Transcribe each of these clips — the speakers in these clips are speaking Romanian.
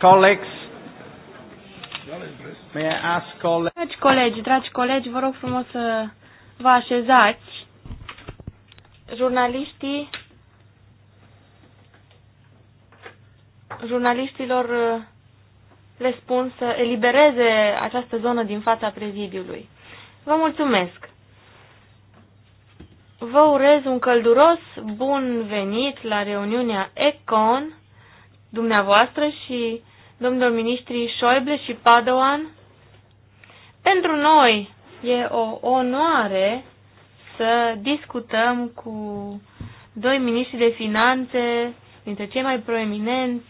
colleagues, may I ask colleagues... Dragi colegi, dragi colegi, vă rog frumos să vă așezați. Jurnaliștii jurnaliștilor uh, le spun să elibereze această zonă din fața prezidiului. Vă mulțumesc! Vă urez un călduros bun venit la reuniunea ECON dumneavoastră și domnilor ministri Schäuble și Padoan. Pentru noi e o onoare să discutăm cu doi miniștri de finanțe dintre cei mai proeminenți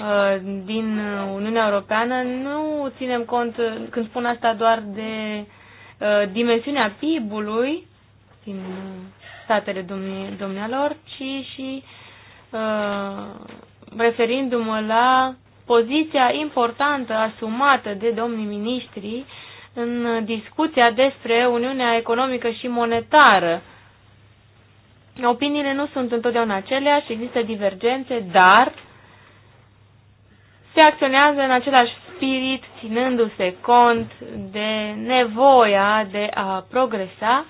uh, din Uniunea Europeană. Nu ținem cont, când spun asta, doar de uh, dimensiunea PIB-ului din statele domni, domnilor, ci și uh, referindu-mă la poziția importantă asumată de domnii miniștri în discuția despre Uniunea Economică și Monetară. Opiniile nu sunt întotdeauna aceleași, există divergențe, dar se acționează în același spirit, ținându-se cont de nevoia de a progresa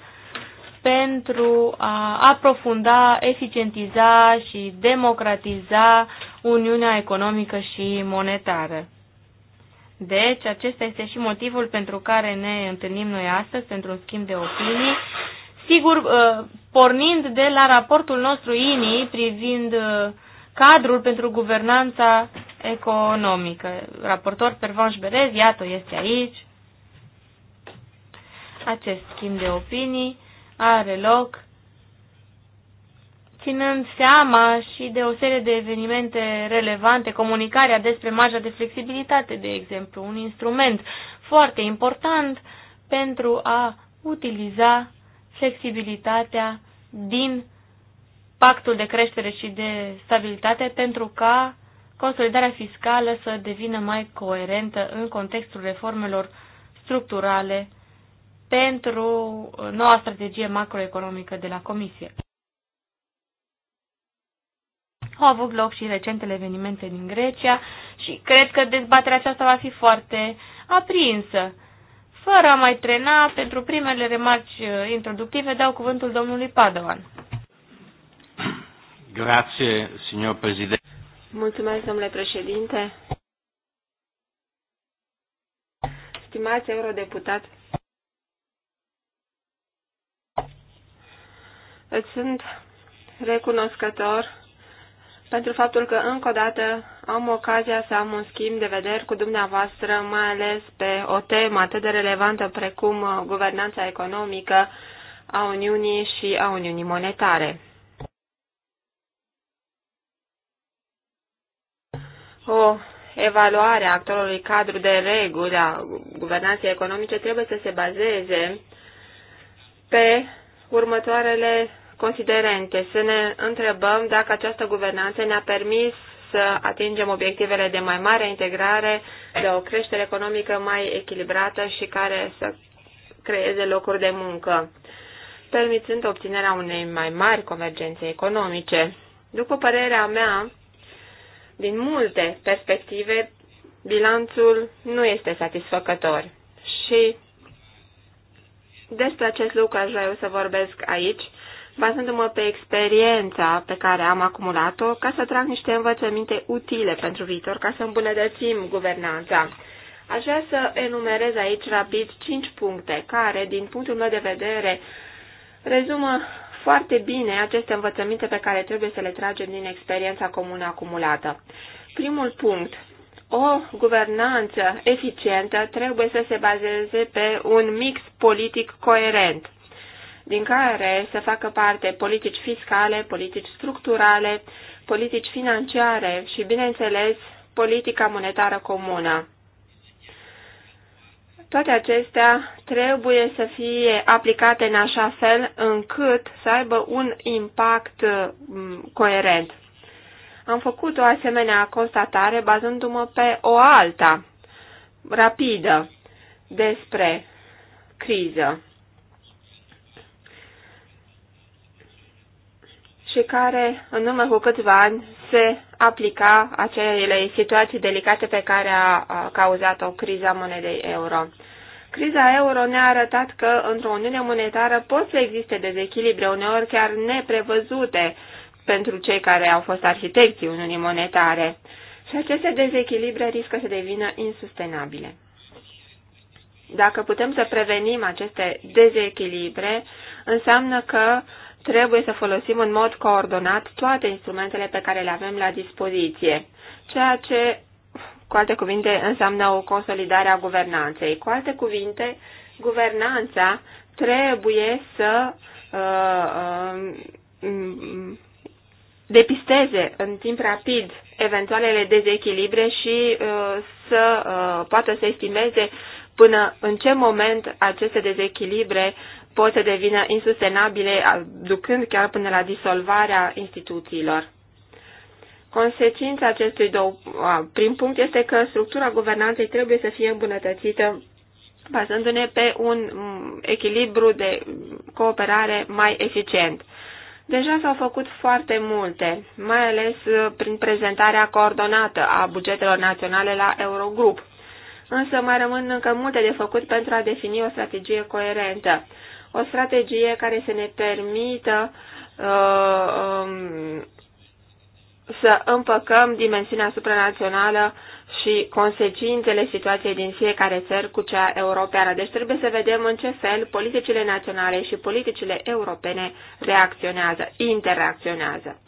pentru a aprofunda, eficientiza și democratiza Uniunea Economică și Monetară. Deci, acesta este și motivul pentru care ne întâlnim noi astăzi pentru un schimb de opinii. Sigur, uh, pornind de la raportul nostru INI privind uh, cadrul pentru guvernanța economică. Raportor Pervanș Berez, iată, este aici. Acest schimb de opinii are loc ținând seama și de o serie de evenimente relevante, comunicarea despre marja de flexibilitate, de exemplu, un instrument foarte important pentru a utiliza flexibilitatea din pactul de creștere și de stabilitate pentru ca consolidarea fiscală să devină mai coerentă în contextul reformelor structurale pentru noua strategie macroeconomică de la Comisie. Au avut loc și recentele evenimente din Grecia și cred că dezbaterea aceasta va fi foarte aprinsă. Fără a mai trena, pentru primele remarci uh, introductive dau cuvântul domnului Padovan. Grazie, signor președinte. Mulțumesc, domnule președinte. Stimați eurodeputat, îți sunt recunoscător pentru faptul că încă o dată am ocazia să am un schimb de vederi cu dumneavoastră, mai ales pe o temă atât de relevantă precum uh, guvernanța economică a Uniunii și a Uniunii Monetare. O evaluare a actualului cadru de reguli a guvernanței economice trebuie să se bazeze pe următoarele considerente, să ne întrebăm dacă această guvernanță ne-a permis să atingem obiectivele de mai mare integrare, de o creștere economică mai echilibrată și care să creeze locuri de muncă, permițând obținerea unei mai mari convergențe economice. După părerea mea, din multe perspective, bilanțul nu este satisfăcător și despre acest lucru aș vrea eu să vorbesc aici, bazându-mă pe experiența pe care am acumulat-o, ca să trag niște învățăminte utile pentru viitor, ca să îmbunătățim guvernanța. Aș vrea să enumerez aici rapid cinci puncte care, din punctul meu de vedere, rezumă foarte bine aceste învățăminte pe care trebuie să le tragem din experiența comună acumulată. Primul punct. O guvernanță eficientă trebuie să se bazeze pe un mix politic coerent din care să facă parte politici fiscale, politici structurale, politici financiare și, bineînțeles, politica monetară comună. Toate acestea trebuie să fie aplicate în așa fel încât să aibă un impact mm, coerent. Am făcut o asemenea constatare bazându-mă pe o alta, rapidă, despre criză. și care, în urmă cu câțiva ani, se aplica acelei situații delicate pe care a cauzat-o criza monedei euro. Criza euro ne-a arătat că într-o uniune monetară pot să existe dezechilibre, uneori chiar neprevăzute pentru cei care au fost arhitecții uniunii monetare. Și aceste dezechilibre riscă să devină insustenabile. Dacă putem să prevenim aceste dezechilibre, înseamnă că uh, trebuie să folosim în mod coordonat toate instrumentele pe care le avem la dispoziție, ceea ce, cu alte cuvinte, înseamnă o consolidare a guvernanței. Cu alte cuvinte, guvernanța trebuie să uh, uh, depisteze în timp rapid eventualele dezechilibre și uh, să uh, poată să estimeze până în ce moment aceste dezechilibre pot să devină insustenabile, ducând chiar până la disolvarea instituțiilor. Consecința acestui dou- prim punct este că structura guvernanței trebuie să fie îmbunătățită bazându-ne pe un echilibru de cooperare mai eficient. Deja s-au făcut foarte multe, mai ales uh, prin prezentarea coordonată a bugetelor naționale la Eurogrup. Însă mai rămân încă multe de făcut pentru a defini o strategie coerentă o strategie care să ne permită uh, um, să împăcăm dimensiunea supranațională și consecințele situației din fiecare țări cu cea europeană. Deci trebuie să vedem în ce fel politicile naționale și politicile europene reacționează, interacționează.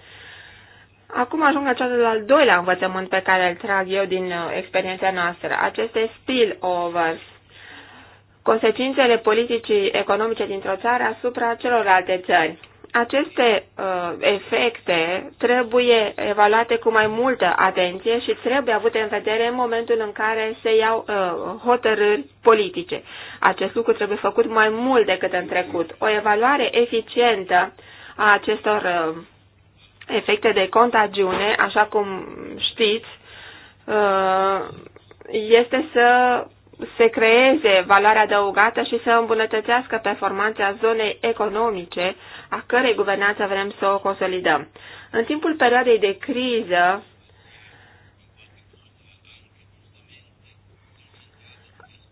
Acum ajung la cel al doilea învățământ pe care îl trag eu din uh, experiența noastră, aceste spillovers consecințele politicii economice dintr-o țară asupra celorlalte țări. Aceste uh, efecte trebuie evaluate cu mai multă atenție și trebuie avute în vedere în momentul în care se iau uh, hotărâri politice. Acest lucru trebuie făcut mai mult decât în trecut. O evaluare eficientă a acestor uh, efecte de contagiune, așa cum știți, uh, este să se creeze valoarea adăugată și să îmbunătățească performanța zonei economice, a cărei guvernanță vrem să o consolidăm. În timpul perioadei de criză,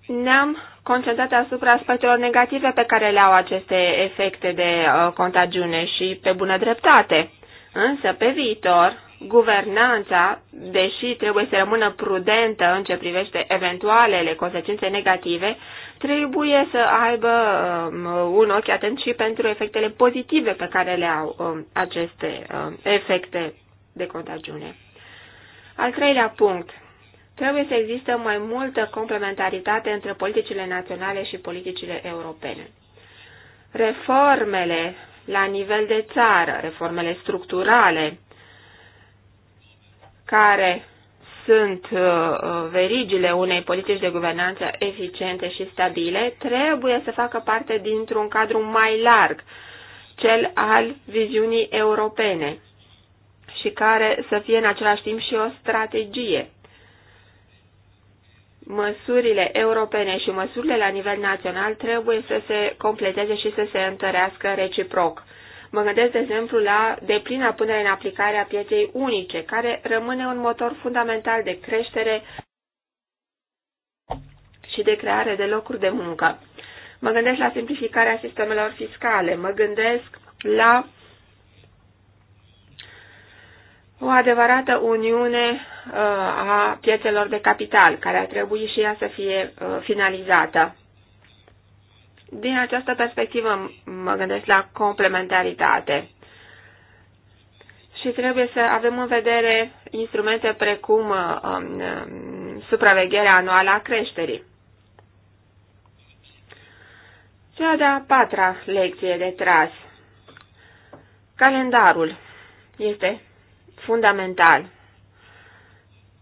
ne-am concentrat asupra aspectelor negative pe care le au aceste efecte de uh, contagiune și pe bună dreptate. Însă, pe viitor, Guvernanța, deși trebuie să rămână prudentă în ce privește eventualele consecințe negative, trebuie să aibă um, un ochi atent și pentru efectele pozitive pe care le au um, aceste um, efecte de contagiune. Al treilea punct. Trebuie să există mai multă complementaritate între politicile naționale și politicile europene. Reformele la nivel de țară, reformele structurale, care sunt uh, uh, verigile unei politici de guvernanță eficiente și stabile, trebuie să facă parte dintr-un cadru mai larg, cel al viziunii europene și care să fie în același timp și o strategie. Măsurile europene și măsurile la nivel național trebuie să se completeze și să se întărească reciproc Mă gândesc, de exemplu, la deplina punere în aplicare a pieței unice, care rămâne un motor fundamental de creștere și de creare de locuri de muncă. Mă gândesc la simplificarea sistemelor fiscale, mă gândesc la o adevărată uniune uh, a piețelor de capital, care ar trebui și ea să fie uh, finalizată. Din această perspectivă mă gândesc la complementaritate. Și trebuie să avem în vedere instrumente precum um, supravegherea anuală a creșterii. Cea de-a patra lecție de tras. Calendarul este fundamental.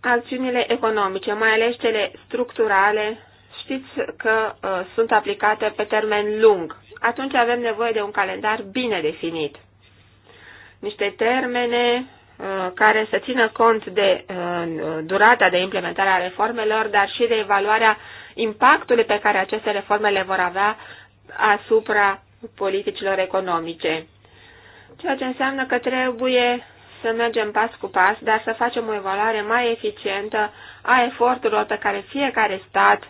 Acțiunile economice, mai ales cele structurale, știți că uh, sunt aplicate pe termen lung. Atunci avem nevoie de un calendar bine definit. Niște termene uh, care să țină cont de uh, durata de implementare a reformelor, dar și de evaluarea impactului pe care aceste reforme le vor avea asupra politicilor economice. Ceea ce înseamnă că trebuie să mergem pas cu pas, dar să facem o evaluare mai eficientă a eforturilor pe care fiecare stat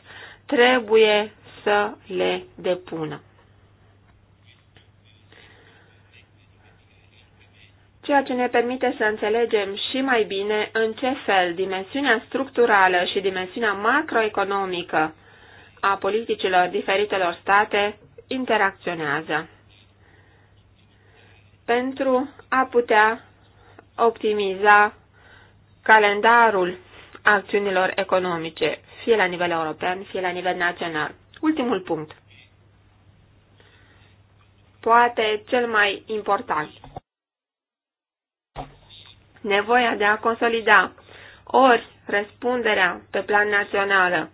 trebuie să le depună. ceea ce ne permite să înțelegem și mai bine în ce fel dimensiunea structurală și dimensiunea macroeconomică a politicilor diferitelor state interacționează. Pentru a putea optimiza calendarul acțiunilor economice fie la nivel european, fie la nivel național. Ultimul punct. Poate cel mai important. Nevoia de a consolida ori răspunderea pe plan național,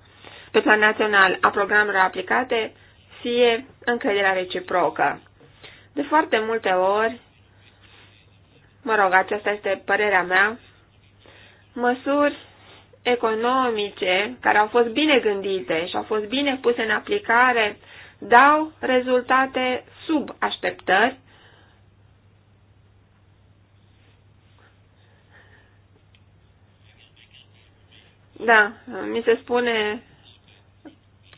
pe plan național a programelor aplicate, fie încrederea reciprocă. De foarte multe ori, mă rog, aceasta este părerea mea, măsuri economice care au fost bine gândite și au fost bine puse în aplicare dau rezultate sub așteptări. Da, mi se spune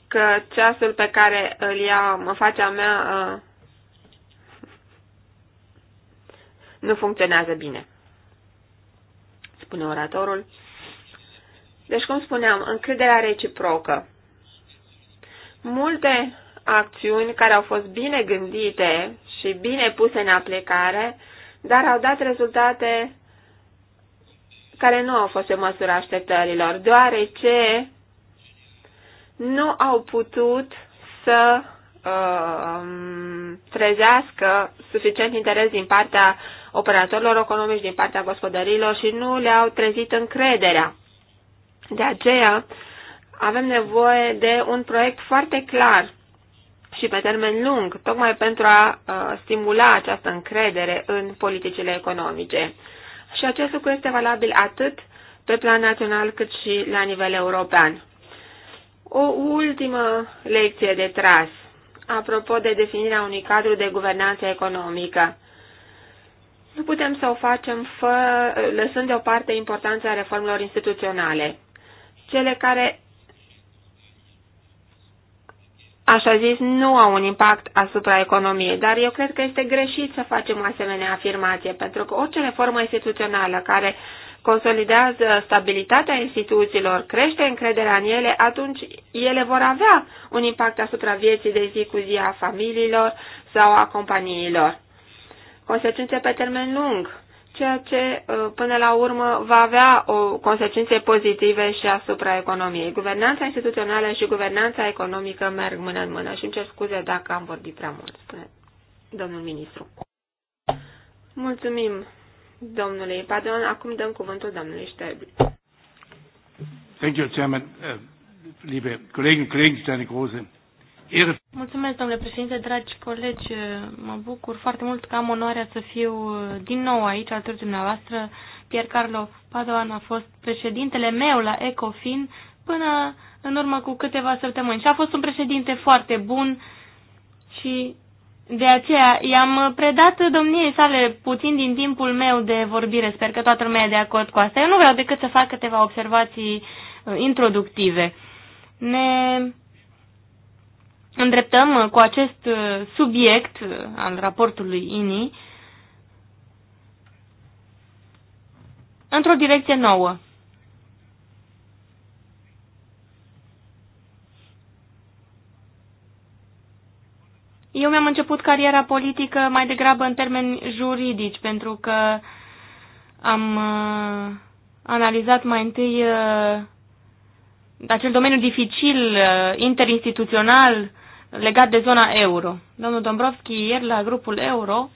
că ceasul pe care îl ia mă facea mea nu funcționează bine, spune oratorul. Deci, cum spuneam, încrederea reciprocă. Multe acțiuni care au fost bine gândite și bine puse în aplicare, dar au dat rezultate care nu au fost în măsura așteptărilor, deoarece nu au putut să uh, trezească suficient interes din partea operatorilor economici, din partea gospodărilor și nu le-au trezit încrederea. De aceea avem nevoie de un proiect foarte clar și pe termen lung, tocmai pentru a stimula această încredere în politicile economice. Și acest lucru este valabil atât pe plan național cât și la nivel european. O ultimă lecție de tras, apropo de definirea unui cadru de guvernanță economică. Nu putem să o facem fă, lăsând deoparte importanța reformelor instituționale cele care, așa zis, nu au un impact asupra economiei, dar eu cred că este greșit să facem o asemenea afirmație, pentru că orice reformă instituțională care consolidează stabilitatea instituțiilor, crește încrederea în ele, atunci ele vor avea un impact asupra vieții de zi cu zi a familiilor sau a companiilor. Consecințe pe termen lung ceea ce uh, până la urmă va avea o consecințe pozitive și asupra economiei. Guvernanța instituțională și guvernanța economică merg mână în mână și îmi cer scuze dacă am vorbit prea mult, spune domnul ministru. Mulțumim, domnule Padon. Acum dăm cuvântul domnului Șterbi. Thank you, Chairman. Uh, liebe Kollegen, Kollegen, Steine Große. Mulțumesc, domnule președinte, dragi colegi. Mă bucur foarte mult că am onoarea să fiu din nou aici alături de dumneavoastră. Pier Carlo Padoan a fost președintele meu la Ecofin până în urmă cu câteva săptămâni și a fost un președinte foarte bun și de aceea i-am predat domniei sale puțin din timpul meu de vorbire. Sper că toată lumea e de acord cu asta. Eu nu vreau decât să fac câteva observații uh, introductive. Ne îndreptăm uh, cu acest uh, subiect uh, al raportului INI într-o direcție nouă. Eu mi-am început cariera politică mai degrabă în termeni juridici, pentru că am analizat mai întâi acel domeniu dificil, uh, interinstituțional, legat de zona euro. Domnul Dombrovski ieri la grupul euro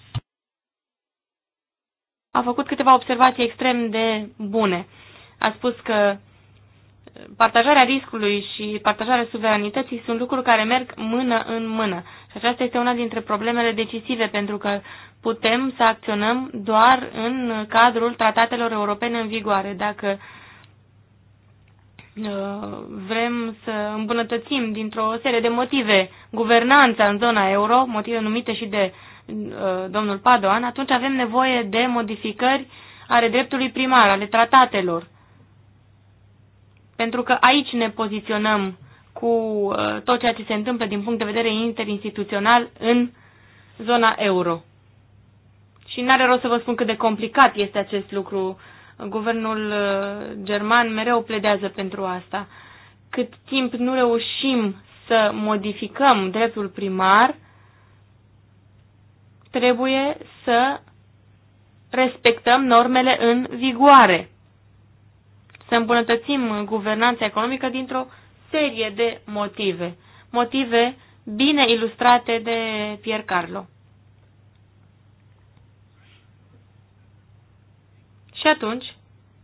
a făcut câteva observații extrem de bune. A spus că partajarea riscului și partajarea suveranității sunt lucruri care merg mână în mână. Și aceasta este una dintre problemele decisive, pentru că putem să acționăm doar în cadrul tratatelor europene în vigoare. Dacă uh, Uh, vrem să îmbunătățim dintr-o serie de motive guvernanța în zona euro, motive numite și de uh, domnul Padoan, atunci avem nevoie de modificări ale dreptului primar, ale tratatelor. Pentru că aici ne poziționăm cu uh, tot ceea ce se întâmplă din punct de vedere interinstituțional în zona euro. Și n-are rost să vă spun cât de complicat este acest lucru Guvernul uh, german mereu pledează pentru asta. Cât timp nu reușim să modificăm dreptul primar, trebuie să respectăm normele în vigoare. Să îmbunătățim guvernanța economică dintr-o serie de motive. Motive bine ilustrate de Pier Carlo. Și atunci,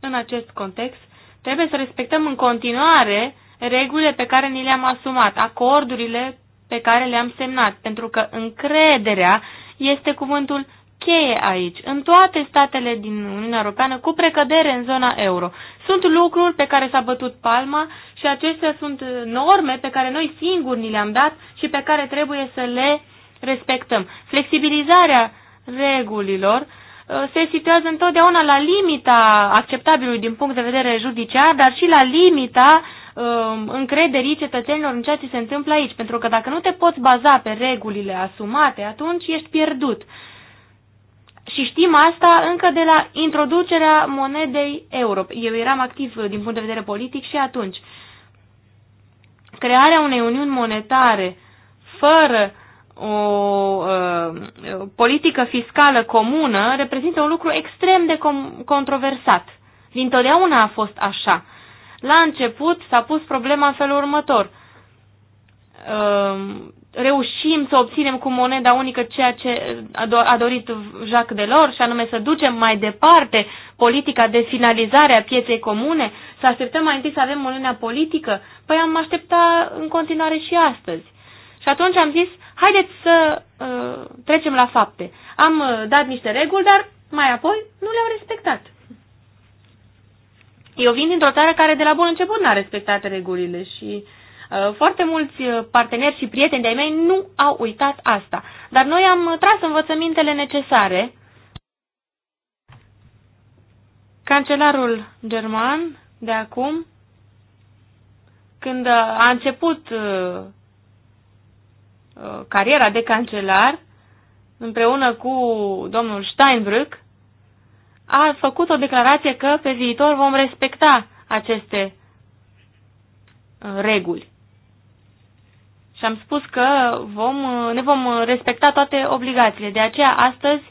în acest context, trebuie să respectăm în continuare regulile pe care ni le-am asumat, acordurile pe care le-am semnat, pentru că încrederea este cuvântul cheie aici, în toate statele din Uniunea Europeană, cu precădere în zona euro. Sunt lucruri pe care s-a bătut palma și acestea sunt norme pe care noi singuri ni le-am dat și pe care trebuie să le respectăm. Flexibilizarea regulilor Uh, se situează întotdeauna la limita acceptabilului din punct de vedere judiciar, dar și la limita um, încrederii cetățenilor în ceea ce se întâmplă aici. Pentru că dacă nu te poți baza pe regulile asumate, atunci ești pierdut. Și știm asta încă de la introducerea monedei euro. Eu eram activ uh, din punct de vedere politic și atunci. Crearea unei uniuni monetare fără o uh, politică fiscală comună reprezintă un lucru extrem de com- controversat. Dintotdeauna a fost așa. La început s-a pus problema în felul următor. Uh, reușim să obținem cu moneda unică ceea ce a dorit Jacques Delors, și anume să ducem mai departe politica de finalizare a pieței comune, să așteptăm mai întâi să avem uniunea politică? Păi am aștepta în continuare și astăzi. Și atunci am zis, Haideți să uh, trecem la fapte. Am uh, dat niște reguli, dar mai apoi nu le-au respectat. Eu vin dintr-o țară care de la bun început n-a respectat regulile și uh, foarte mulți uh, parteneri și prieteni de-ai mei nu au uitat asta. Dar noi am tras învățămintele necesare. Cancelarul german de acum, când a început uh, Uh, cariera de cancelar, împreună cu domnul Steinbrück, a făcut o declarație că pe viitor vom respecta aceste uh, reguli. Și am spus că vom, uh, ne vom respecta toate obligațiile. De aceea, astăzi,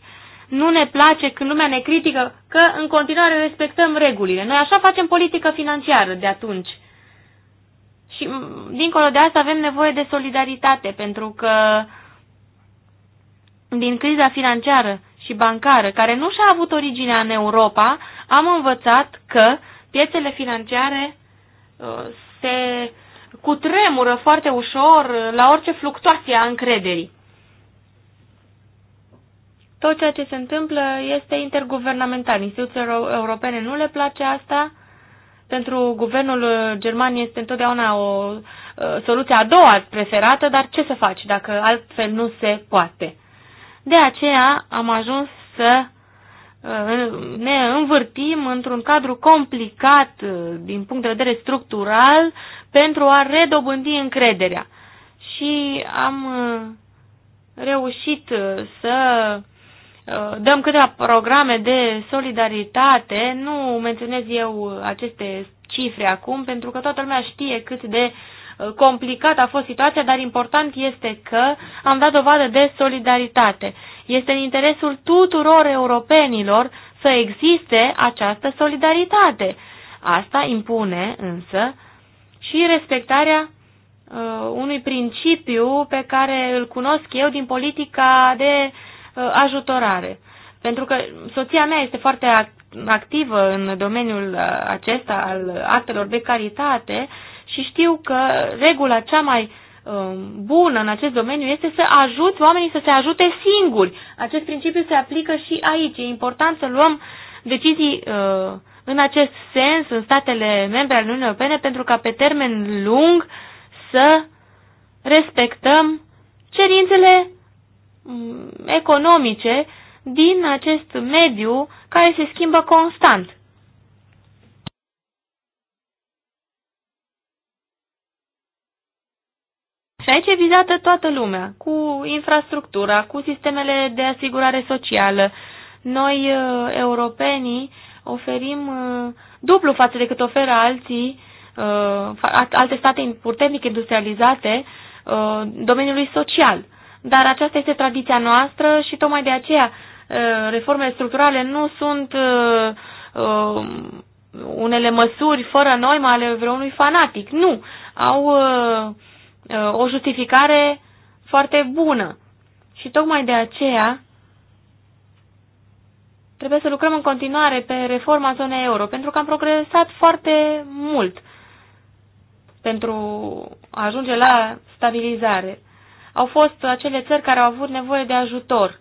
nu ne place când lumea ne critică că în continuare respectăm regulile. Noi așa facem politică financiară de atunci. Și, mm, dincolo de asta, avem nevoie de solidaritate, pentru că din criza financiară și bancară, care nu și-a avut originea în Europa, am învățat că piețele financiare uh, se cutremură foarte ușor la orice fluctuație a încrederii. Tot ceea ce se întâmplă este interguvernamental. Instituțiile europene nu le place asta pentru guvernul uh, german este întotdeauna o uh, soluție a doua preferată, dar ce să faci dacă altfel nu se poate? De aceea am ajuns să uh, ne învârtim într-un cadru complicat din punct de vedere structural pentru a redobândi încrederea. Și am reușit să Uh, dăm câteva programe de solidaritate, nu menționez eu aceste cifre acum, pentru că toată lumea știe cât de uh, complicat a fost situația, dar important este că am dat dovadă de solidaritate. Este în interesul tuturor europenilor să existe această solidaritate. Asta impune însă și respectarea uh, unui principiu pe care îl cunosc eu din politica de uh, Uh, ajutorare. Pentru că soția mea este foarte activă în domeniul uh, acesta al actelor de caritate și știu că regula cea mai uh, bună în acest domeniu este să ajut oamenii să se ajute singuri. Acest principiu se aplică și aici. E important să luăm decizii în acest sens în statele membre ale Uniunii Europene pentru ca pe termen lung să respectăm cerințele Mm, economice din acest mediu care se schimbă constant. Și aici e vizată toată lumea, cu infrastructura, cu sistemele de asigurare socială. Noi, uh, europenii, oferim uh, dublu față de cât oferă alții, uh, alte state puternic industrializate, domeniului social dar aceasta este tradiția noastră și tocmai de aceea uh, reformele structurale nu sunt uh, uh, unele măsuri fără norme ale vreunui fanatic. Nu, au o justificare foarte bună. Și tocmai de aceea trebuie să lucrăm în continuare pe reforma zonei euro, pentru că am progresat foarte mult pentru a ajunge la stabilizare au fost acele țări care au avut nevoie de ajutor.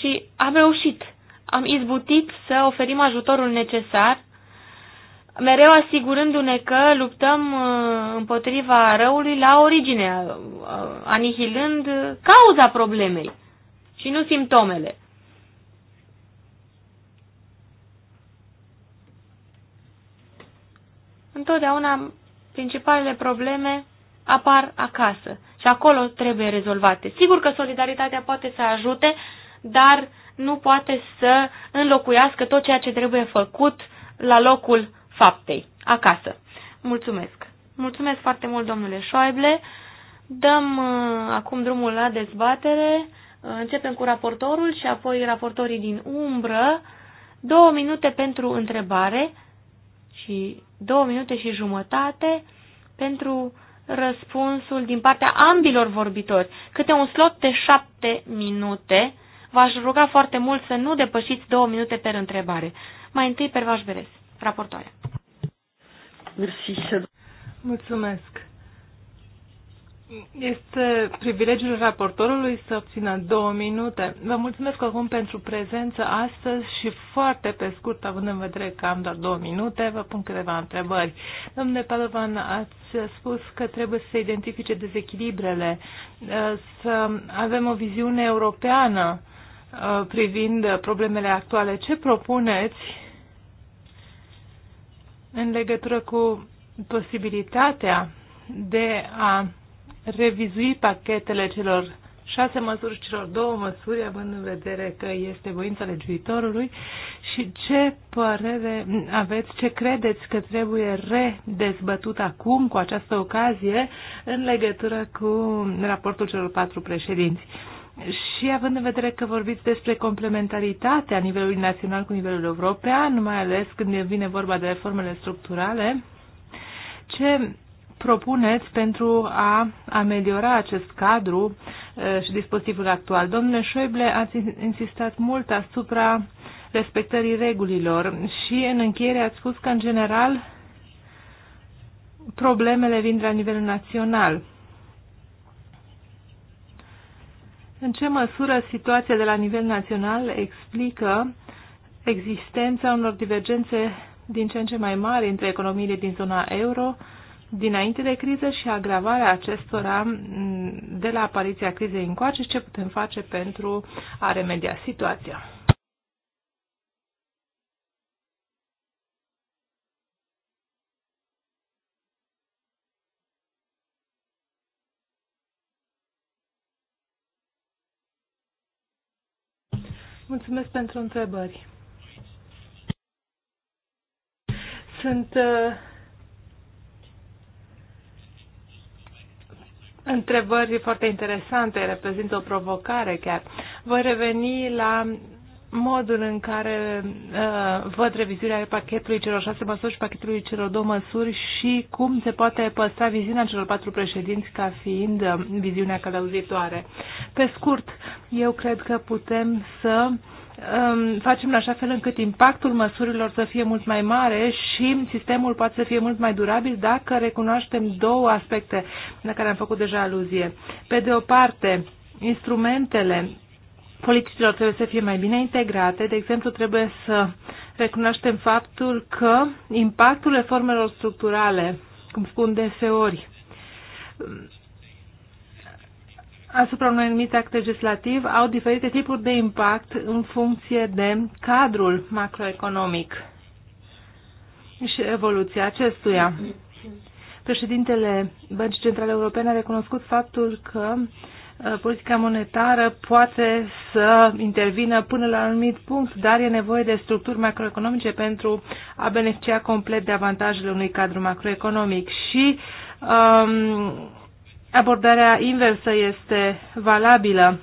Și am reușit. Am izbutit să oferim ajutorul necesar, mereu asigurându-ne că luptăm uh, împotriva răului la origine, uh, uh, anihilând cauza problemei și nu simptomele. Întotdeauna principalele probleme apar acasă și acolo trebuie rezolvate. Sigur că solidaritatea poate să ajute, dar nu poate să înlocuiască tot ceea ce trebuie făcut la locul faptei, acasă. Mulțumesc! Mulțumesc foarte mult, domnule Schäuble. Dăm uh, acum drumul la dezbatere. Uh, începem cu raportorul și apoi raportorii din umbră. Două minute pentru întrebare și două minute și jumătate pentru răspunsul din partea ambilor vorbitori, câte un slot de șapte minute. V-aș ruga foarte mult să nu depășiți două minute per întrebare. Mai întâi, Pervaș Beres, raportoarea. Mulțumesc. Este privilegiul raportorului să obțină două minute. Vă mulțumesc acum pentru prezență astăzi și foarte pe scurt, având în vedere că am doar două minute, vă pun câteva întrebări. Domnule Palovan ați spus că trebuie să se identifice dezechilibrele, uh, să avem o viziune europeană uh, privind problemele actuale. Ce propuneți în legătură cu posibilitatea de a revizui pachetele celor șase măsuri, celor două măsuri, având în vedere că este voința legiuitorului și ce părere aveți, ce credeți că trebuie redezbătut acum cu această ocazie în legătură cu raportul celor patru președinți. Și având în vedere că vorbiți despre complementaritatea nivelului național cu nivelul european, mai ales când vine vorba de reformele structurale, ce propuneți pentru a ameliora acest cadru eh, și dispozitivul actual? Domnule Schäuble, ați insistat mult asupra respectării regulilor și în încheiere ați spus că, în general, problemele vin de la nivel național. În ce măsură situația de la nivel național explică existența unor divergențe din ce în ce mai mari între economiile din zona euro dinainte de criză și agravarea acestora de la apariția crizei încoace și ce putem face pentru a remedia situația. Mulțumesc pentru întrebări. Sunt uh, întrebări foarte interesante, reprezintă o provocare chiar. Voi reveni la modul în care uh, văd revizuirea pachetului celor șase măsuri și pachetului celor două măsuri și cum se poate păstra viziunea celor patru președinți ca fiind uh, viziunea călăuzitoare. Pe scurt, eu cred că putem să uh, Um, facem în așa fel încât impactul măsurilor să fie mult mai mare și sistemul poate să fie mult mai durabil dacă recunoaștem două aspecte la care am făcut deja aluzie. Pe de o parte, instrumentele politicilor trebuie să fie mai bine integrate. De exemplu, trebuie să recunoaștem faptul că impactul reformelor structurale, cum spun deseori, asupra unui anumit act legislativ au diferite tipuri de impact în funcție de cadrul macroeconomic și evoluția acestuia. Președintele Băncii Centrale Europene a recunoscut faptul că uh, politica monetară poate să intervină până la un anumit punct, dar e nevoie de structuri macroeconomice pentru a beneficia complet de avantajele unui cadru macroeconomic și um, abordarea inversă este valabilă.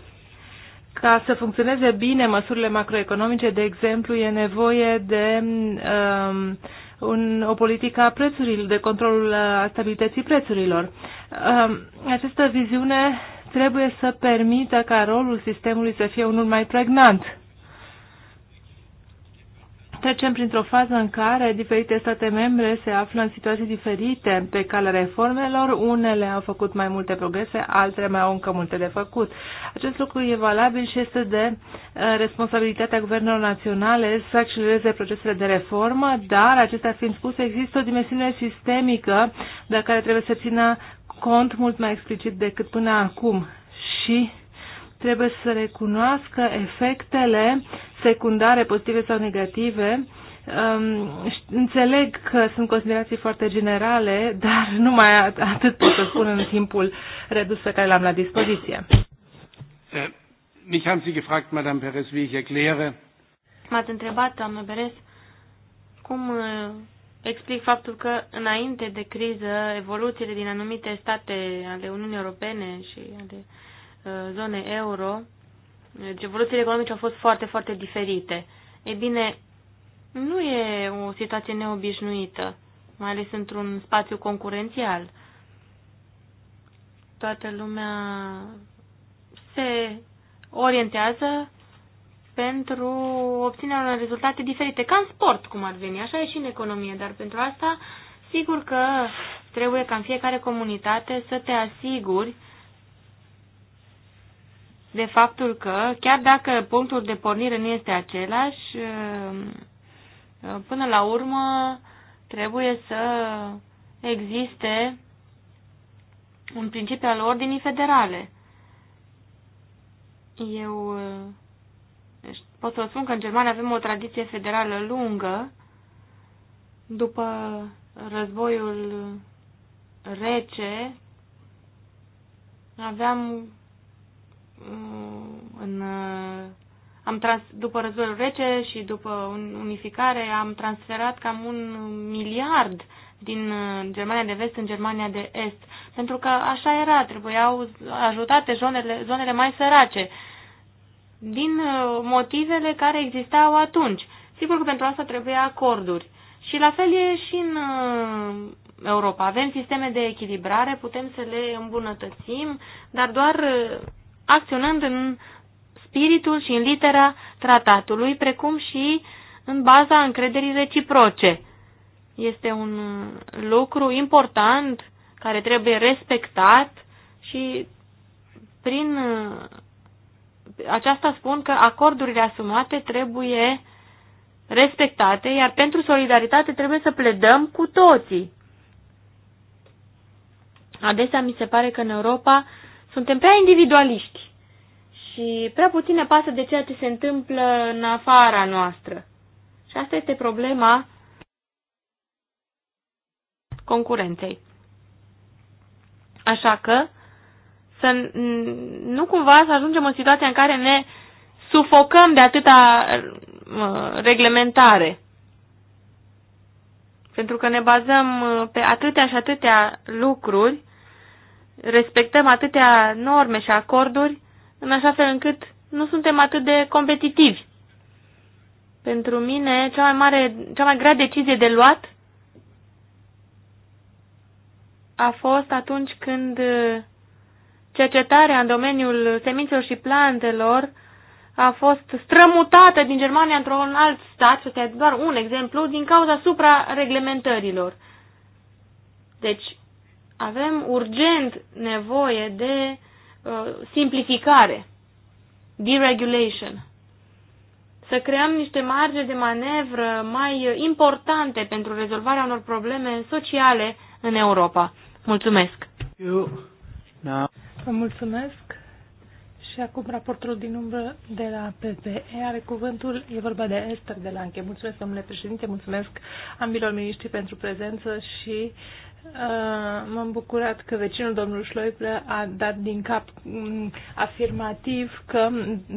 Ca să funcționeze bine măsurile macroeconomice, de exemplu, e nevoie de um, un, o politică a prețurilor, de controlul uh, a stabilității prețurilor. Um, această viziune trebuie să permită ca rolul sistemului să fie unul mai pregnant trecem printr-o fază în care diferite state membre se află în situații diferite pe calea reformelor. Unele au făcut mai multe progrese, altele mai au încă multe de făcut. Acest lucru e valabil și este de uh, responsabilitatea guvernelor naționale să accelereze procesele de reformă, dar acestea fiind spuse, există o dimensiune sistemică de care trebuie să țină cont mult mai explicit decât până acum. Și trebuie să recunoască efectele secundare, pozitive sau negative. Um, înțeleg că sunt considerații foarte generale, dar numai atât pot să spun în timpul redus pe care l-am la dispoziție. Eh, mich haben Sie gefragt, Madame Perez, wie ich erkläre. M-ați întrebat, doamnă Perez, cum eh, explic faptul că înainte de criză, evoluțiile din anumite state ale Uniunii Europene și ale Uh, zonei euro, deci evoluțiile economice au fost foarte, foarte diferite. E bine, nu e o situație neobișnuită, mai ales într-un spațiu concurențial. Toată lumea se orientează pentru obținerea unor rezultate diferite, ca în sport, cum ar veni, așa e și în economie, dar pentru asta, sigur că trebuie ca în fiecare comunitate să te asiguri de faptul că, chiar dacă punctul de pornire nu este același, uh, până la urmă trebuie să existe un principiu al ordinii federale. Eu uh, deci, pot să vă spun că în Germania avem o tradiție federală lungă. După războiul rece aveam Mm, în, uh, am trans, după războiul rece și după unificare am transferat cam un miliard din uh, Germania de Vest în Germania de Est. Pentru că așa era, trebuiau ajutate zonele, zonele mai sărace, din uh, motivele care existau atunci. Sigur că pentru asta trebuia acorduri. Și la fel e și în Europa. Avem sisteme de echilibrare, putem să le îmbunătățim, dar doar acționând în spiritul și în litera tratatului, precum și în baza încrederii reciproce. Este un lucru important care trebuie respectat și prin aceasta spun că acordurile asumate trebuie respectate, iar pentru solidaritate trebuie să pledăm cu toții. Adesea mi se pare că în Europa suntem prea individualiști și prea puțin ne pasă de ceea ce se întâmplă în afara noastră. Și asta este problema concurenței. Așa că să nu cumva să ajungem în situația în care ne sufocăm de atâta reglementare. Pentru că ne bazăm uh, pe atâtea și atâtea lucruri respectăm atâtea norme și acorduri în așa fel încât nu suntem atât de competitivi. Pentru mine, cea mai mare, cea mai grea decizie de luat a fost atunci când uh, cercetarea în domeniul semințelor și plantelor a fost strămutată din Germania într-un alt stat, și doar un exemplu, din cauza supra-reglementărilor. Deci, avem urgent nevoie de uh, simplificare, deregulation, să creăm niște marge de manevră mai importante pentru rezolvarea unor probleme sociale în Europa. Mulțumesc! Eu, da. Vă mulțumesc! Și acum raportul din umbră de la PPE are cuvântul, e vorba de Esther de Lanche. Mulțumesc, domnule președinte, mulțumesc ambilor miniștri pentru prezență și Uh, m-am bucurat că vecinul domnul Șloiple a dat din cap mm, afirmativ că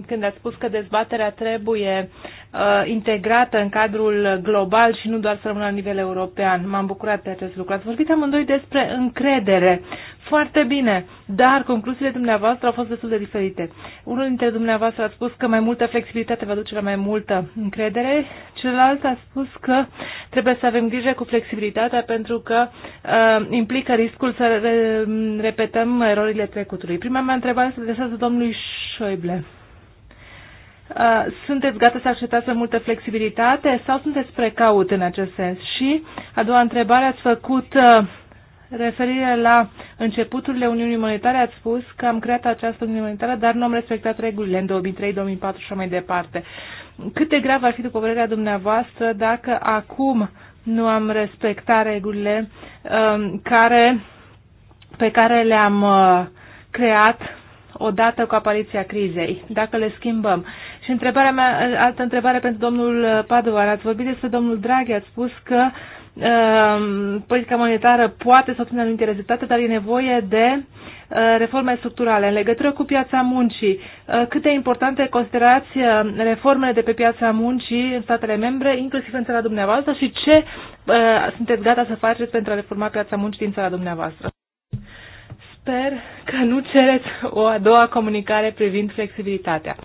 când a spus că dezbaterea trebuie uh, integrată în cadrul global și nu doar să rămână la nivel european. M-am bucurat de acest lucru. Ați vorbit amândoi despre încredere foarte bine, dar concluziile dumneavoastră au fost destul de diferite. Unul dintre dumneavoastră a spus că mai multă flexibilitate va duce la mai multă încredere, celălalt a spus că trebuie să avem grijă cu flexibilitatea pentru că uh, implică riscul să re- repetăm erorile trecutului. Prima mea întrebare se adresează domnului Uh, sunteți gata să acceptați mai multă flexibilitate sau sunteți precaut în acest sens? Și a doua întrebare, ați făcut uh, referire la începuturile Uniunii Monetare, ați spus că am creat această Uniune Monetară, dar nu am respectat regulile în 2003, 2004 și mai departe. Cât de grav ar fi, după părerea dumneavoastră, dacă acum nu am respectat regulile um, care, pe care le-am uh, creat odată cu apariția crizei, dacă le schimbăm. Și întrebarea mea, altă întrebare pentru domnul Padovar. Ați vorbit despre domnul Draghi, ați spus că uh, Ehm, politica monetară poate să obțină anumite rezultate, dar e nevoie de eh, reforme structurale. În legătură cu piața muncii, eh, cât de importante considerați eh, reformele de pe piața muncii în statele membre, inclusiv în țara dumneavoastră, și ce sunteți gata să faceți pentru a reforma piața muncii din țara dumneavoastră? Sper că nu cereți o a doua comunicare privind flexibilitatea.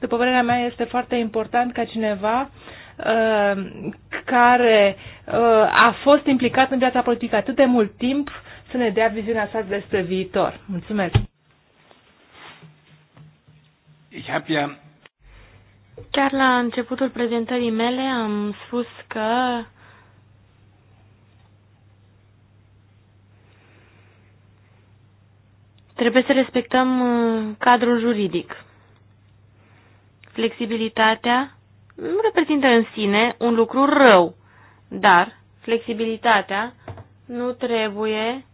După părerea mea, este foarte important ca cineva Uh, care uh, a fost implicat în viața politică atât de mult timp să ne dea viziunea sa despre viitor. Mulțumesc! Ich ja Chiar la începutul prezentării mele am spus că trebuie să respectăm uh, cadrul juridic. Flexibilitatea nu reprezintă în sine un lucru rău, dar flexibilitatea nu trebuie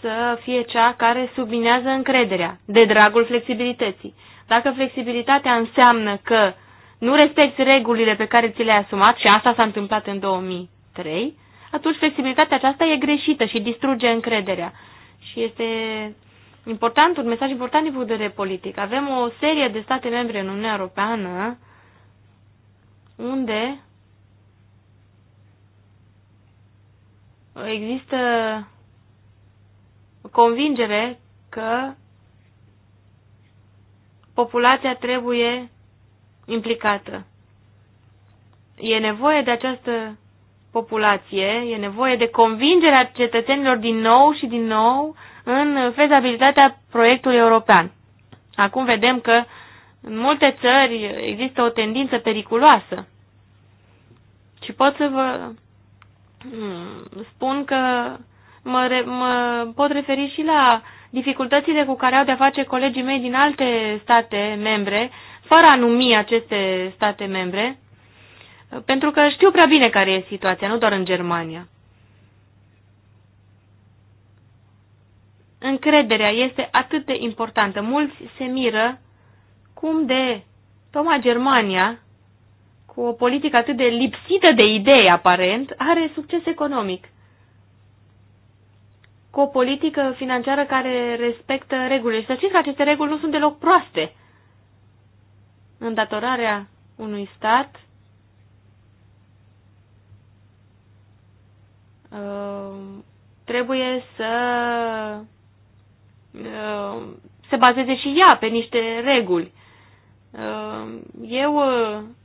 să fie cea care sublinează încrederea, de dragul flexibilității. Dacă flexibilitatea înseamnă că nu respecti regulile pe care ți le-ai asumat, și asta s-a întâmplat în 2003, atunci flexibilitatea aceasta e greșită și distruge încrederea. Și este important, un mesaj important din punct de vedere politic. Avem o serie de state membre în Uniunea Europeană unde există convingere că populația trebuie implicată. E nevoie de această populație, e nevoie de convingerea cetățenilor din nou și din nou în fezabilitatea proiectului european. Acum vedem că în multe țări există o tendință periculoasă și pot să vă mm, spun că mă, re, mă pot referi și la dificultățile cu care au de-a face colegii mei din alte state membre, fără a numi aceste state membre, pentru că știu prea bine care e situația, nu doar în Germania. Încrederea este atât de importantă. Mulți se miră cum de tocmai Germania cu o politică atât de lipsită de idei, aparent, are succes economic. Cu o politică financiară care respectă regulile. Și să știți că aceste reguli nu sunt deloc proaste. Îndatorarea unui stat uh, trebuie să uh, se bazeze și ea pe niște reguli. Uh, eu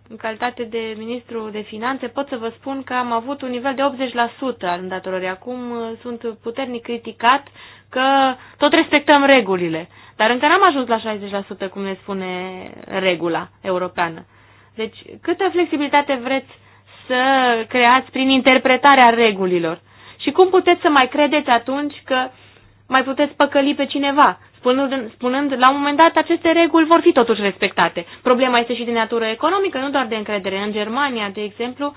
în calitate de ministru de finanțe, pot să vă spun că am avut un nivel de 80% al îndatorării. Acum uh, sunt puternic criticat că tot respectăm regulile. Dar încă n-am ajuns la 60%, cum ne spune regula europeană. Deci, câtă flexibilitate vreți să creați prin interpretarea regulilor? Și cum puteți să mai credeți atunci că mai puteți păcăli pe cineva spunând, spunând la un moment dat aceste reguli vor fi totuși respectate. Problema este și de natură economică, nu doar de încredere. În Germania, de exemplu,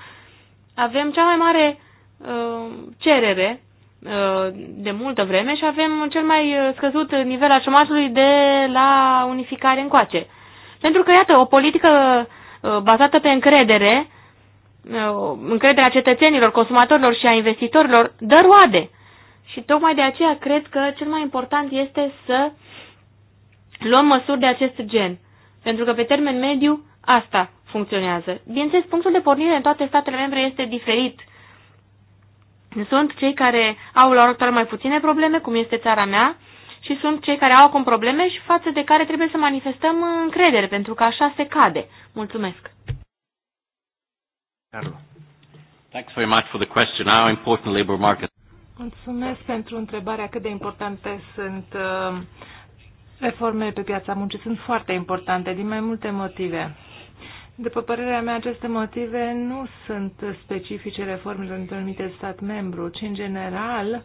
avem cea mai mare uh, cerere uh, de multă vreme și avem cel mai uh, scăzut nivel al șomajului de la unificare încoace. Pentru că, iată, o politică uh, bazată pe încredere, încrederea cetățenilor, consumatorilor și a investitorilor, dă roade. Și tocmai de aceea cred că cel mai important este să luăm măsuri de acest gen. Pentru că pe termen mediu asta funcționează. Bineînțeles, punctul de pornire în toate statele membre este diferit. Sunt cei care au la ora mai puține probleme, cum este țara mea, și sunt cei care au acum probleme și față de care trebuie să manifestăm încredere, pentru că așa se cade. Mulțumesc! Carlo. Thanks very much for the question. How important labor market Mulțumesc pentru întrebarea cât de importante sunt uh, reformele pe piața muncii. Sunt foarte importante din mai multe motive. După părerea mea, aceste motive nu sunt specifice reformelor într-un anumit stat membru, ci în general uh,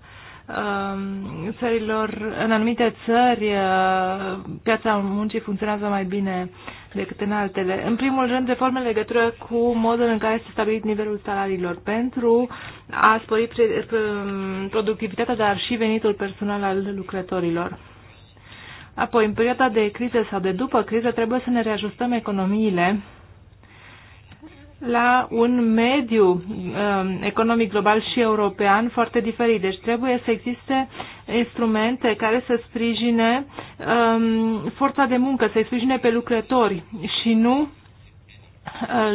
Um, țărilor, în anumite țări uh, piața muncii funcționează mai bine decât în altele. În primul rând, reforme în legătură cu modul în care este stabilit nivelul salariilor pentru a spori productivitatea, dar și venitul personal al lucrătorilor. Apoi, în perioada de criză sau de după criză, trebuie să ne reajustăm economiile la un mediu um, economic global și european foarte diferit. Deci trebuie să existe instrumente care să sprijine um, forța de muncă, să-i sprijine pe lucrători și nu uh,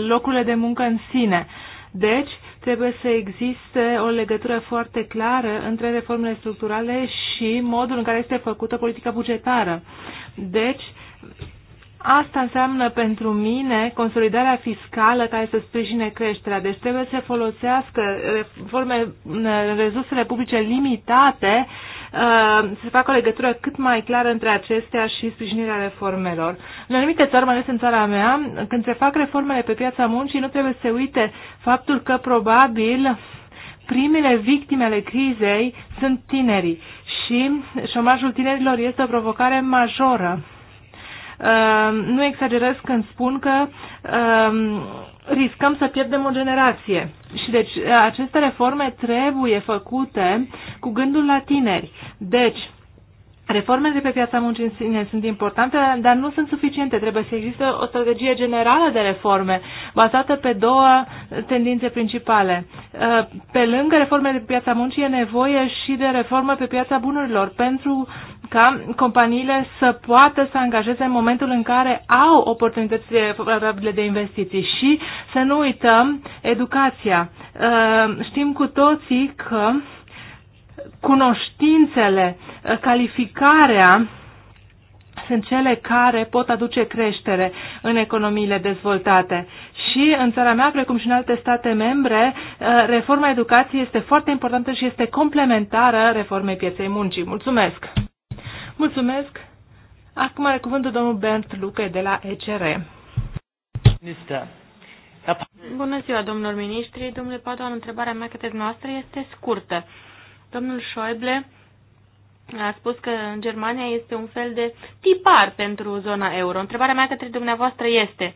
locurile de muncă în sine. Deci, trebuie să existe o legătură foarte clară între reformele structurale și modul în care este făcută politica bugetară. Deci, Asta înseamnă pentru mine consolidarea fiscală care să sprijine creșterea. Deci trebuie să folosească reforme, eh, mm, resursele publice limitate, eh, să facă o legătură cât mai clară între acestea și sprijinirea reformelor. În anumite țări, mai ales în țara mea, când se fac reformele pe piața muncii, nu trebuie să se uite faptul că probabil primele victime ale crizei sunt tinerii și șomajul tinerilor este o provocare majoră Ehm, nu exagerez când spun că ehm, riscăm să pierdem o generație. Și deci aceste reforme trebuie făcute cu gândul la tineri. Deci, Reformele pe piața muncii în sine sunt importante, dar nu sunt suficiente. Trebuie să existe o strategie generală de reforme bazată pe două tendințe principale. Pe lângă reformele pe piața muncii e nevoie și de reformă pe piața bunurilor pentru ca companiile să poată să angajeze în momentul în care au oportunitățile favorabile de investiții și să nu uităm educația. Uh, știm cu toții că cunoștințele, uh, calificarea sunt cele care pot aduce creștere în economiile dezvoltate. Și în țara mea, precum și în alte state membre, uh, reforma educației este foarte importantă și este complementară reformei pieței muncii. Mulțumesc! Mulțumesc. Acum are cuvântul domnul Bernd Lucă de la ECR. Bună ziua, domnilor ministri. Domnule Padoan, întrebarea mea către noastră este scurtă. Domnul Schäuble a spus că în Germania este un fel de tipar pentru zona euro. Întrebarea mea către dumneavoastră este,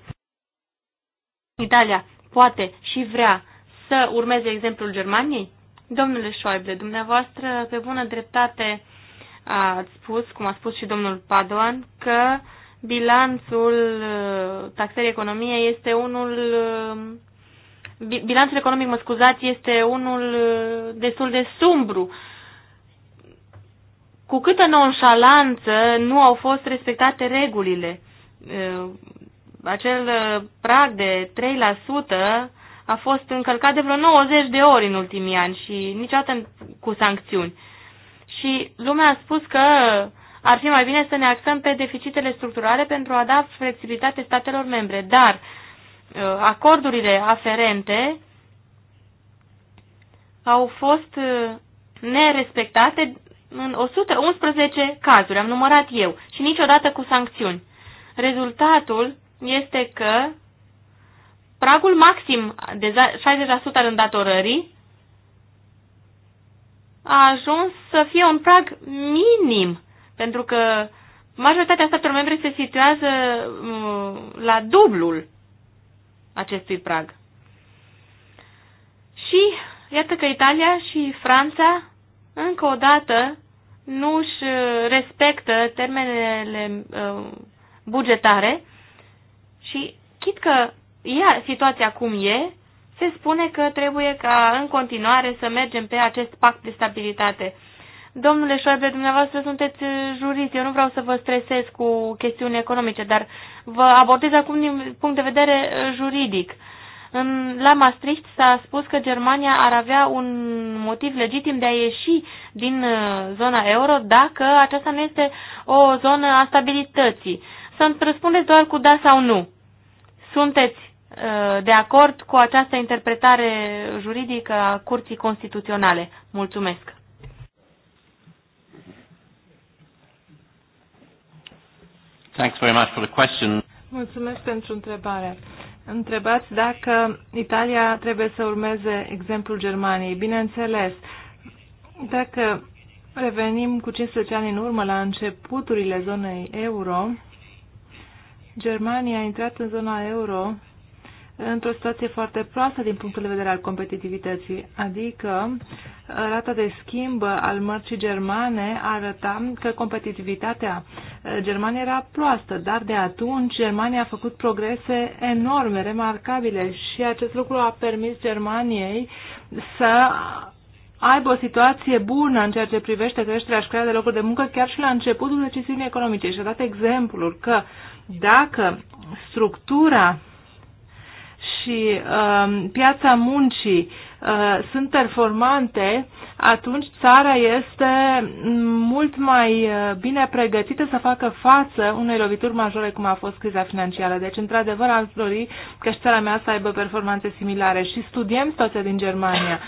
Italia poate și vrea să urmeze exemplul Germaniei? Domnule Schäuble, dumneavoastră, pe bună dreptate, a spus, cum a spus și domnul Padoan, că bilanțul uh, taxării economiei este unul uh, bilanțul economic, mă scuzați, este unul uh, destul de sumbru. Cu câtă nonșalanță nu au fost respectate regulile. Acel prag de 3% a fost încălcat de vreo 90 de ori în ultimii ani și niciodată cu sancțiuni și lumea a spus că ar fi mai bine să ne axăm pe deficitele structurale pentru a da flexibilitate statelor membre, dar uh, acordurile aferente au fost uh, nerespectate în 111 cazuri, am numărat eu, și niciodată cu sancțiuni. Rezultatul este că pragul maxim de 60% al îndatorării a ajuns să fie un prag minim, pentru că majoritatea statelor membre se situează mm, la dublul acestui prag. Și iată că Italia și Franța încă o dată nu își uh, respectă termenele uh, bugetare și chit că e situația cum e, se spune că trebuie ca în continuare să mergem pe acest pact de stabilitate. Domnule Șoaibe, dumneavoastră sunteți jurist, eu nu vreau să vă stresez cu chestiuni economice, dar vă abordez acum din punct de vedere juridic. În, la Maastricht s-a spus că Germania ar avea un motiv legitim de a ieși din uh, zona euro dacă aceasta nu este o zonă a stabilității. Să-mi răspundeți doar cu da sau nu. Sunteți Uh, de acord cu această interpretare juridică a Curții Constituționale. Mulțumesc! Thanks very much for the question. Mulțumesc pentru întrebare. Întrebați dacă Italia trebuie să urmeze exemplul Germaniei. Bineînțeles, dacă revenim cu 15 ani în urmă la începuturile zonei euro, Germania a intrat în zona euro într-o situație foarte proastă din punctul de vedere al competitivității, adică uh, rata de schimb al mărcii germane arăta că competitivitatea uh, Germaniei era proastă, dar de atunci Germania a făcut progrese enorme, remarcabile și acest lucru a permis Germaniei să aibă o situație bună în ceea ce privește creșterea și crearea de locuri de muncă chiar și la începutul recesiunii economice. Și a dat exemplul că dacă structura și uh, piața muncii uh, sunt performante, atunci țara este mult mai uh, bine pregătită să facă față unei lovituri majore cum a fost criza financiară. Deci, într-adevăr, aș dori că și țara mea să aibă performanțe similare. Și studiem toate din Germania.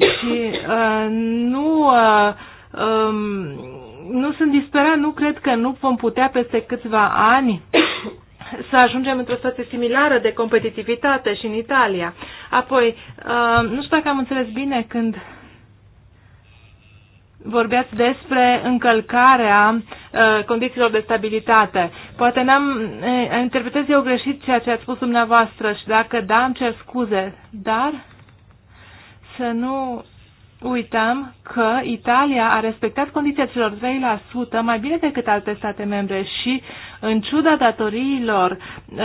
și uh, nu... Uh, um, nu sunt disperat, nu cred că nu vom putea peste câțiva ani să ajungem într-o situație similară de competitivitate și în Italia. Apoi, uh, nu știu dacă am înțeles bine când vorbeați despre încălcarea uh, condițiilor de stabilitate. Poate n-am, eh, interpretez eu greșit ceea ce ați spus dumneavoastră și dacă da, îmi cer scuze, dar să nu uităm că Italia a respectat condiția celor 3% mai bine decât alte state membre și, în ciuda datoriilor uh,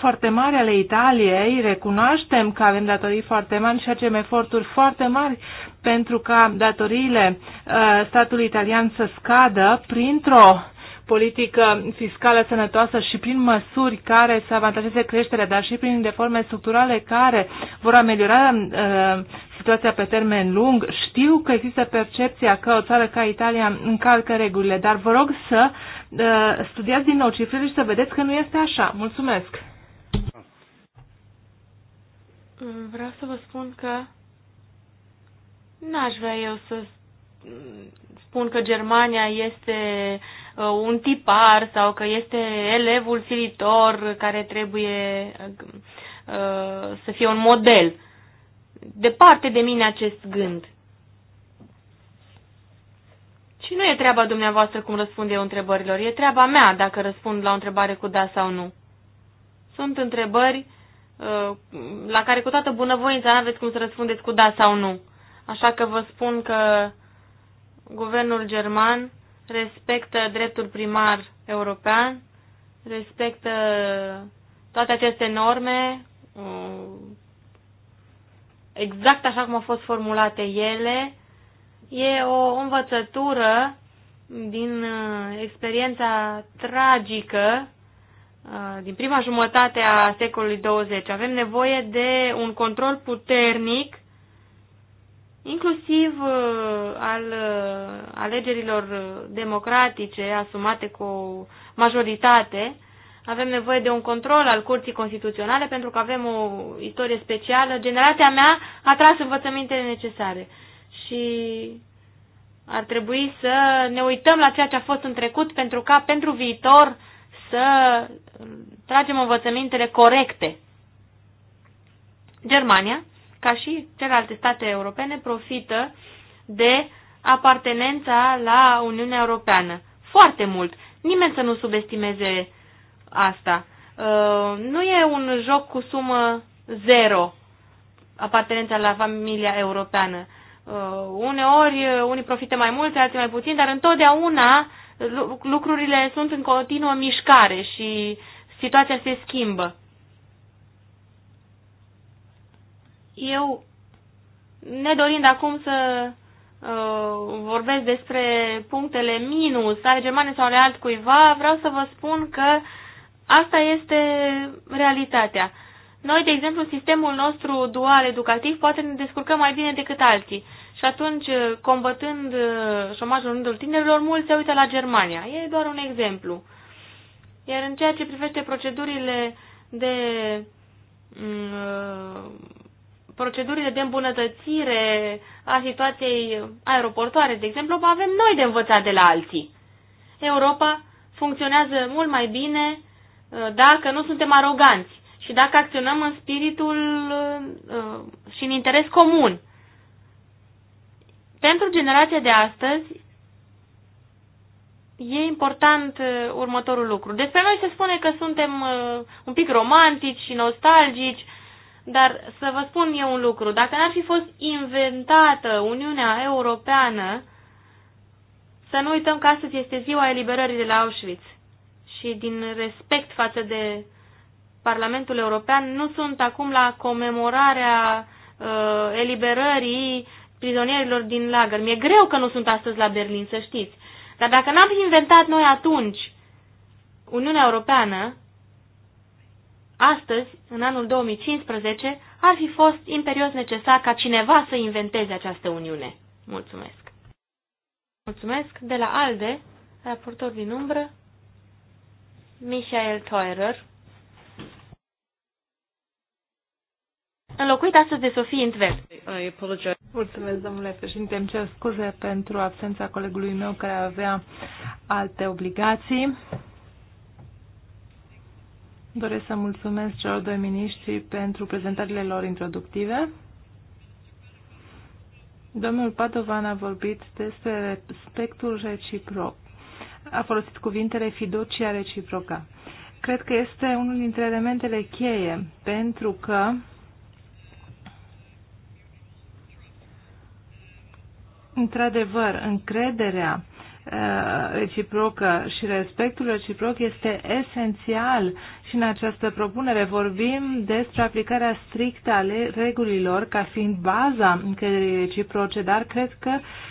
foarte mari ale Italiei, recunoaștem că avem datorii foarte mari și facem eforturi foarte mari pentru ca datoriile uh, statului italian să scadă printr-o politică fiscală sănătoasă și prin măsuri care să avantajeze creșterea, dar și prin reforme structurale care vor ameliora uh, situația pe termen lung. Știu că există percepția că o țară ca Italia încalcă regulile, dar vă rog să uh, studiați din nou cifrele și să vedeți că nu este așa. Mulțumesc! Vreau să vă spun că n-aș vrea eu să spun că Germania este Uh, un tipar sau că este elevul silitor care trebuie uh, să fie un model. Departe de mine acest gând. Și nu e treaba dumneavoastră cum răspund eu întrebărilor, e treaba mea dacă răspund la o întrebare cu da sau nu. Sunt întrebări uh, la care cu toată bunăvoința nu aveți cum să răspundeți cu da sau nu. Așa că vă spun că guvernul german respectă dreptul primar european, respectă toate aceste norme uh, exact așa cum au fost formulate ele. E o învățătură din uh, experiența tragică uh, din prima jumătate a secolului 20. Avem nevoie de un control puternic inclusiv uh, al uh, alegerilor uh, democratice asumate cu majoritate, avem nevoie de un control al Curții Constituționale pentru că avem o istorie specială. Generația mea a tras învățămintele necesare și ar trebui să ne uităm la ceea ce a fost în trecut pentru ca pentru viitor să tragem învățămintele corecte. Germania ca și celelalte state europene, profită de apartenența la Uniunea Europeană. Foarte mult. Nimeni să nu subestimeze asta. Uh, nu e un joc cu sumă zero apartenența la familia europeană. Uh, uneori uh, unii profită mai mult, alții mai puțin, dar întotdeauna lucrurile sunt în continuă mișcare și situația se schimbă. Eu, nedorind acum să uh, vorbesc despre punctele minus ale Germaniei sau ale altcuiva, vreau să vă spun că asta este realitatea. Noi, de exemplu, sistemul nostru dual educativ poate ne descurcăm mai bine decât alții. Și atunci, combătând uh, șomajul în rândul tinerilor, mulți se uită la Germania. E doar un exemplu. Iar în ceea ce privește procedurile de mm, uh, procedurile de îmbunătățire a situației aeroportoare, de exemplu, avem noi de învățat de la alții. Europa funcționează mult mai bine uh, dacă nu suntem aroganți și dacă acționăm în spiritul uh, uh, și în interes comun. Pentru generația de astăzi e important următorul lucru. Despre noi se spune că suntem un pic romantici și nostalgici, dar să vă spun eu un lucru, dacă n-ar fi fost inventată Uniunea Europeană, să nu uităm că astăzi este ziua eliberării de la Auschwitz și din respect față de Parlamentul European nu sunt acum la comemorarea uh, eliberării prizonierilor din lagăr. Mi-e greu că nu sunt astăzi la Berlin, să știți. Dar dacă n-am inventat noi atunci Uniunea Europeană, astăzi, în anul 2015, ar fi fost imperios necesar ca cineva să inventeze această uniune. Mulțumesc! Mulțumesc! De la ALDE, raportor din umbră, Michael Teurer, înlocuit astăzi de Sofie Intvert. Mulțumesc, domnule președinte. Îmi cer scuze pentru absența colegului meu care avea alte obligații. Doresc să mulțumesc celor doi miniștri pentru prezentările lor introductive. Domnul Padovan a vorbit despre respectul reciproc. A folosit cuvintele fiducia reciproca. Cred că este unul dintre elementele cheie, pentru că într-adevăr, încrederea Eh, reciprocă eh, și respectul reciproc este esențial și în această propunere vorbim despre aplicarea strictă ale regulilor ca fiind baza încrederii reciproce, dar cred că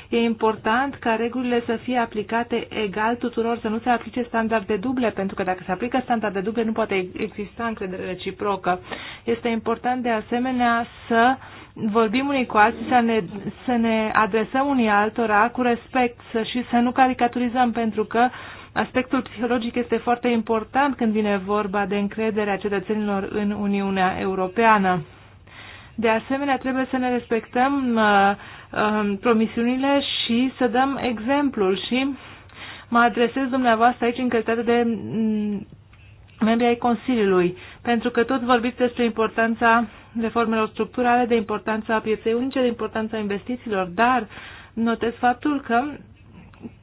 e important ca regulile să fie aplicate egal tuturor, să nu se aplice standarde duble, pentru că dacă se aplică standarde duble nu poate exista încredere reciprocă. Este important de asemenea să uh, vorbim unii cu alții, să ne, să ne adresăm unii altora cu respect să, și să nu caricaturizăm, pentru că aspectul psihologic este foarte important când vine vorba de încrederea cetățenilor în Uniunea Europeană. De asemenea, trebuie să ne respectăm uh, uh, promisiunile și să dăm exemplul și mă adresez dumneavoastră aici în calitate de mm, membri ai Consiliului, pentru că tot vorbiți despre importanța reformelor structurale, de importanța pieței unice, de importanța investițiilor, dar notez faptul că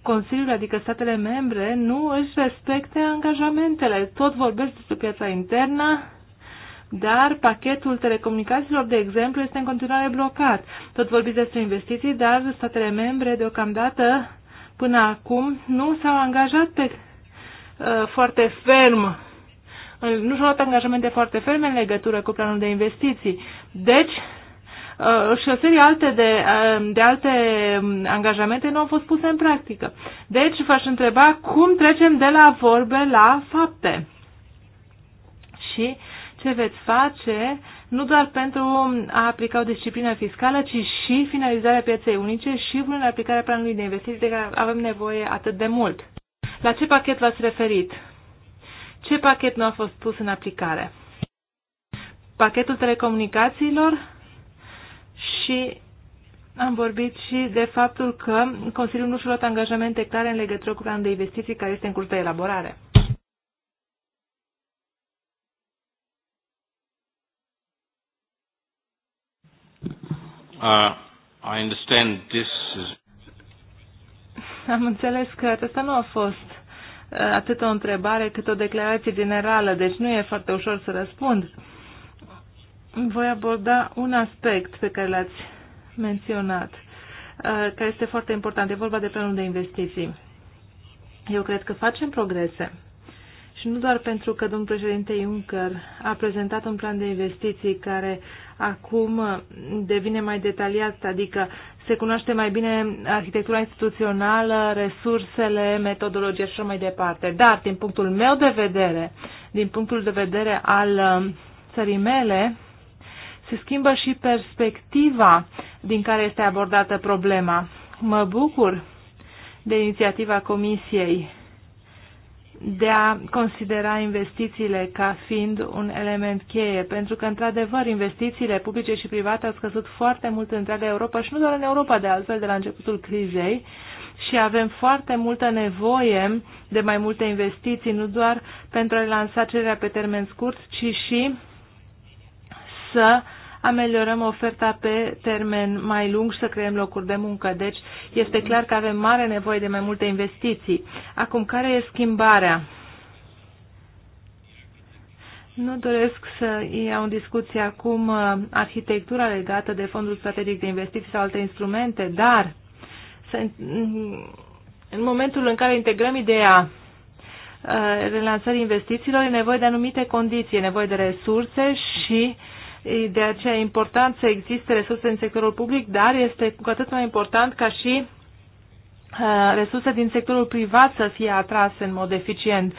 Consiliul, adică statele membre, nu își respecte angajamentele. Tot vorbesc despre piața internă, dar pachetul telecomunicațiilor, de exemplu, este în continuare blocat. Tot vorbiți despre investiții, dar statele membre, deocamdată, până acum, nu s-au angajat pe, uh, foarte ferm nu și-au luat angajamente foarte ferme în legătură cu planul de investiții. Deci, uh, și o serie alte de, uh, de alte um, angajamente nu au fost puse în practică. Deci v-aș întreba cum trecem de la vorbe la fapte și ce veți face nu doar pentru a aplica o disciplină fiscală, ci și finalizarea pieței unice și punerea aplicarea planului de investiții de care avem nevoie atât de mult. La ce pachet v-ați referit? Ce pachet nu a fost pus în aplicare? Pachetul telecomunicațiilor și am vorbit și de faptul că Consiliul nu și-a luat angajamente clare în legătură cu planul de investiții care este în curs de elaborare. Uh, I understand this is... Am înțeles că acesta nu a fost atât o întrebare cât o declarație generală, deci nu e foarte ușor să răspund. Voi aborda un aspect pe care l-ați menționat, uh, care este foarte important. E vorba de planul de investiții. Eu cred că facem progrese. Și nu doar pentru că domnul președinte Juncker a prezentat un plan de investiții care acum uh, devine mai detaliat, adică se cunoaște mai bine arhitectura instituțională, resursele, metodologia și așa mai departe. Dar, din punctul meu de vedere, din punctul de vedere al uh, țării mele, se schimbă și perspectiva din care este abordată problema. Mă bucur de inițiativa Comisiei de a considera investițiile ca fiind un element cheie, pentru că, într-adevăr, investițiile publice și private au scăzut foarte mult în întreaga Europa și nu doar în Europa, de altfel, de la începutul crizei și avem foarte multă nevoie de mai multe investiții, nu doar pentru a relansa cererea pe termen scurt, ci și să uh, ameliorăm oferta pe termen mai lung și să creăm locuri de muncă. Deci este clar că avem mare nevoie de mai multe investiții. Acum, care e schimbarea? Nu doresc să iau în discuție acum uh, arhitectura legată de fondul strategic de investiții sau alte instrumente, dar în momentul în care integrăm ideea uh, relansării investițiilor, e nevoie de anumite condiții, e nevoie de resurse și uh, de aceea e important să existe resurse în sectorul public, dar este cu atât mai important ca și uh, resurse din sectorul privat să fie atrase în mod eficient.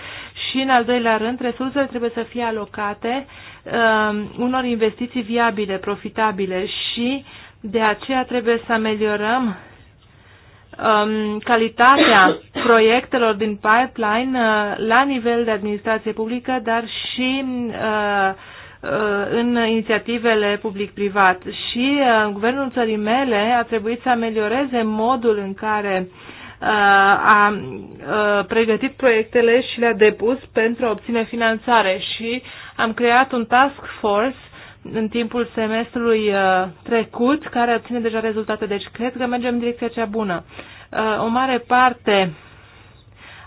Și, în al doilea rând, resursele trebuie să fie alocate uh, unor investiții viabile, profitabile și de aceea trebuie să ameliorăm um, calitatea proiectelor din pipeline uh, la nivel de administrație publică, dar și uh, Uh, în inițiativele public-privat și uh, guvernul țării mele a trebuit să amelioreze modul în care uh, a pregătit proiectele și le-a depus pentru a obține finanțare și am creat un task force în timpul semestrului trecut care obține deja rezultate. Deci cred că mergem în direcția cea bună. O mare parte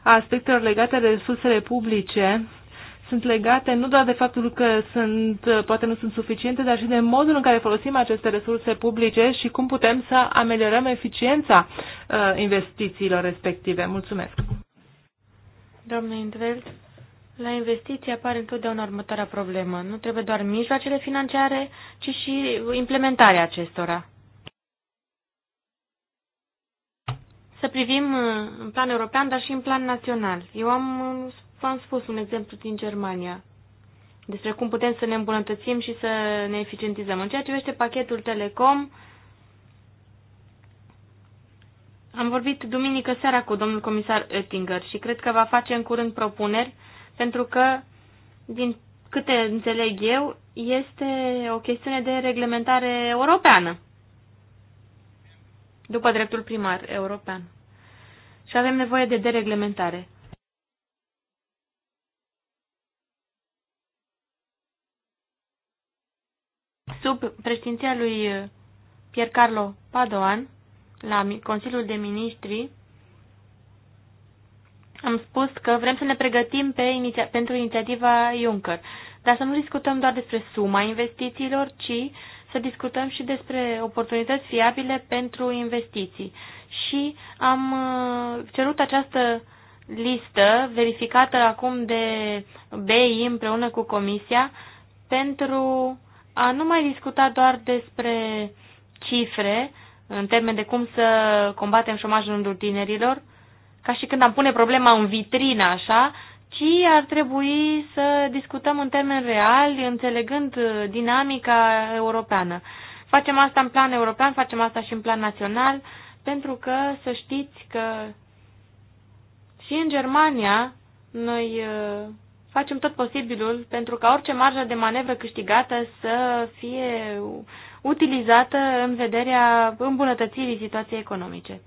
a aspectelor legate de resursele publice sunt legate nu doar de faptul că sunt, poate nu sunt suficiente, dar și de modul în care folosim aceste resurse publice și cum putem să ameliorăm eficiența uh, investițiilor respective. Mulțumesc! Doamne Indveld, la investiții apare întotdeauna următoarea problemă. Nu trebuie doar mijloacele financiare, ci și implementarea acestora. Să privim uh, în plan european, dar și în plan național. Eu am uh, V-am spus un exemplu din Germania despre cum putem să ne îmbunătățim și să ne eficientizăm. În ceea ce vește pachetul Telecom, am vorbit duminică seara cu domnul comisar Oettinger și cred că va face în curând propuneri, pentru că, din câte înțeleg eu, este o chestiune de reglementare europeană, după dreptul primar european. Și avem nevoie de dereglementare. sub președinția lui uh, Piercarlo Padoan, la Consiliul de Ministri, am spus că vrem să ne pregătim pe inicia- pentru inițiativa Juncker, dar să nu discutăm doar despre suma investițiilor, ci să discutăm și despre oportunități fiabile pentru investiții. Și am uh, cerut această listă verificată acum de BI împreună cu Comisia pentru uh, a nu mai discuta doar despre cifre, în termen de cum să combatem șomajul în rândul tinerilor, ca și când am pune problema în vitrină așa, ci ar trebui să discutăm în termen real, înțelegând dinamica europeană. Facem asta în plan european, facem asta și în plan național, pentru că să știți că și în Germania noi uh, facem tot posibilul pentru ca orice marjă de manevră câștigată să fie utilizată în vederea îmbunătățirii situației economice.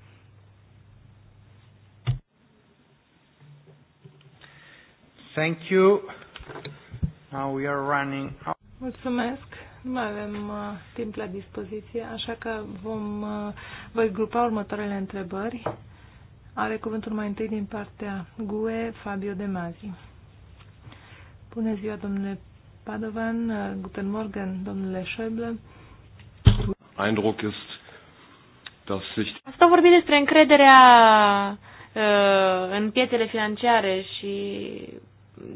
Thank you. Now we are running out. Mulțumesc. Nu mai avem uh, timp la dispoziție, așa că vom uh, voi grupa următoarele întrebări. Are cuvântul mai întâi din partea GUE Fabio De Mazi. Bună ziua, domnule Padovan, guten Morgen, domnule Schäuble. Eindruck ist, dass sich... Asta vorbim despre încrederea uh, în piețele financiare și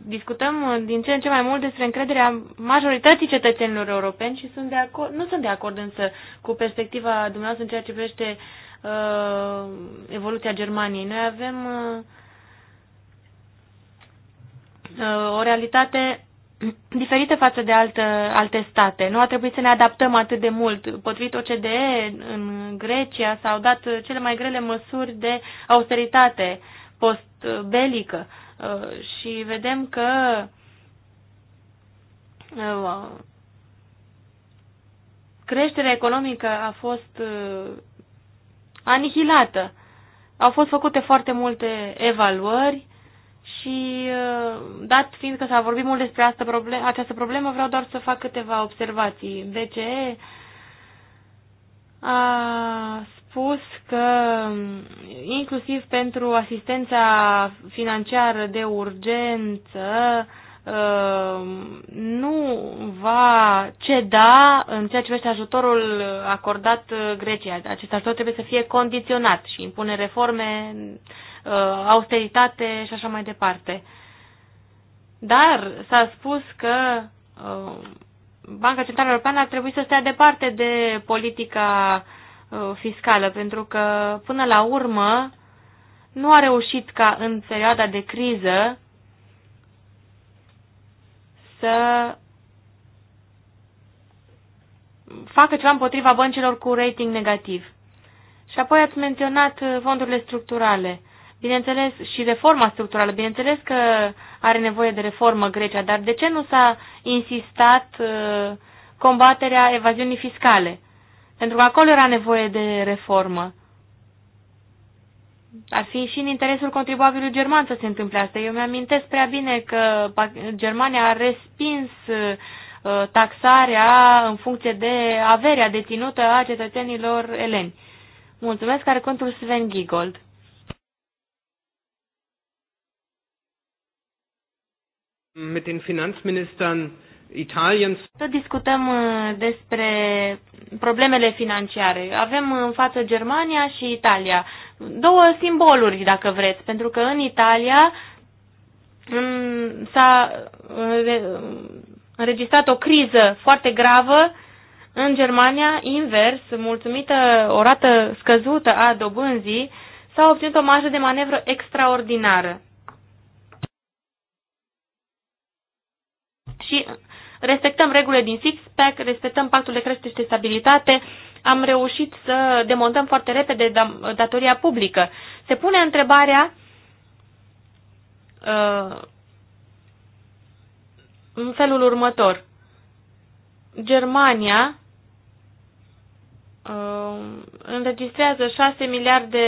discutăm din ce în ce mai mult despre încrederea majorității cetățenilor europeni și sunt de acord, nu sunt de acord însă cu perspectiva dumneavoastră în ceea ce privește uh, evoluția Germaniei. Noi avem uh, Uh, o realitate diferită față de altă, alte state. Nu a trebuit să ne adaptăm atât de mult. Potrivit OCDE, în Grecia s-au dat cele mai grele măsuri de austeritate postbelică uh, și vedem că uh, creșterea economică a fost anihilată. Au fost făcute foarte multe evaluări și uh, dat fiind că s-a vorbit mult despre asta problem, această problemă, vreau doar să fac câteva observații. BCE a spus că inclusiv pentru asistența financiară de urgență Uh, nu va ceda în ceea ce privește ajutorul acordat uh, Grecia. Acest ajutor trebuie să fie condiționat și impune reforme, uh, austeritate și așa mai departe. Dar s-a spus că Banca Centrală Europeană ar trebui să stea departe de politica fiscală, pentru că până la urmă nu a reușit ca în perioada de criză să facă ceva împotriva băncilor cu rating negativ. Și apoi ați menționat fondurile structurale. Bineînțeles, și reforma structurală. Bineînțeles că are nevoie de reformă Grecia, dar de ce nu s-a insistat uh, combaterea evaziunii fiscale? Pentru că acolo era nevoie de reformă ar fi și în interesul contribuabilului german să se întâmple asta. Eu mi-amintesc prea bine că Germania a respins uh, taxarea în funcție de averea deținută a cetățenilor eleni. Mulțumesc, are contul Sven Giegold. Mit den Finanzministern Italiens. Tot discutăm uh, despre problemele financiare. Avem uh, în față Germania și Italia două simboluri, dacă vreți, pentru că în Italia s-a înregistrat o criză foarte gravă, în Germania, invers, mulțumită o rată scăzută a dobânzii, s-a obținut o marjă de manevră extraordinară. Și respectăm regulile din six-pack, respectăm pactul de creștere și stabilitate, am reușit să demontăm foarte repede datoria publică. Se pune întrebarea uh, în felul următor. Germania uh, înregistrează 6 miliarde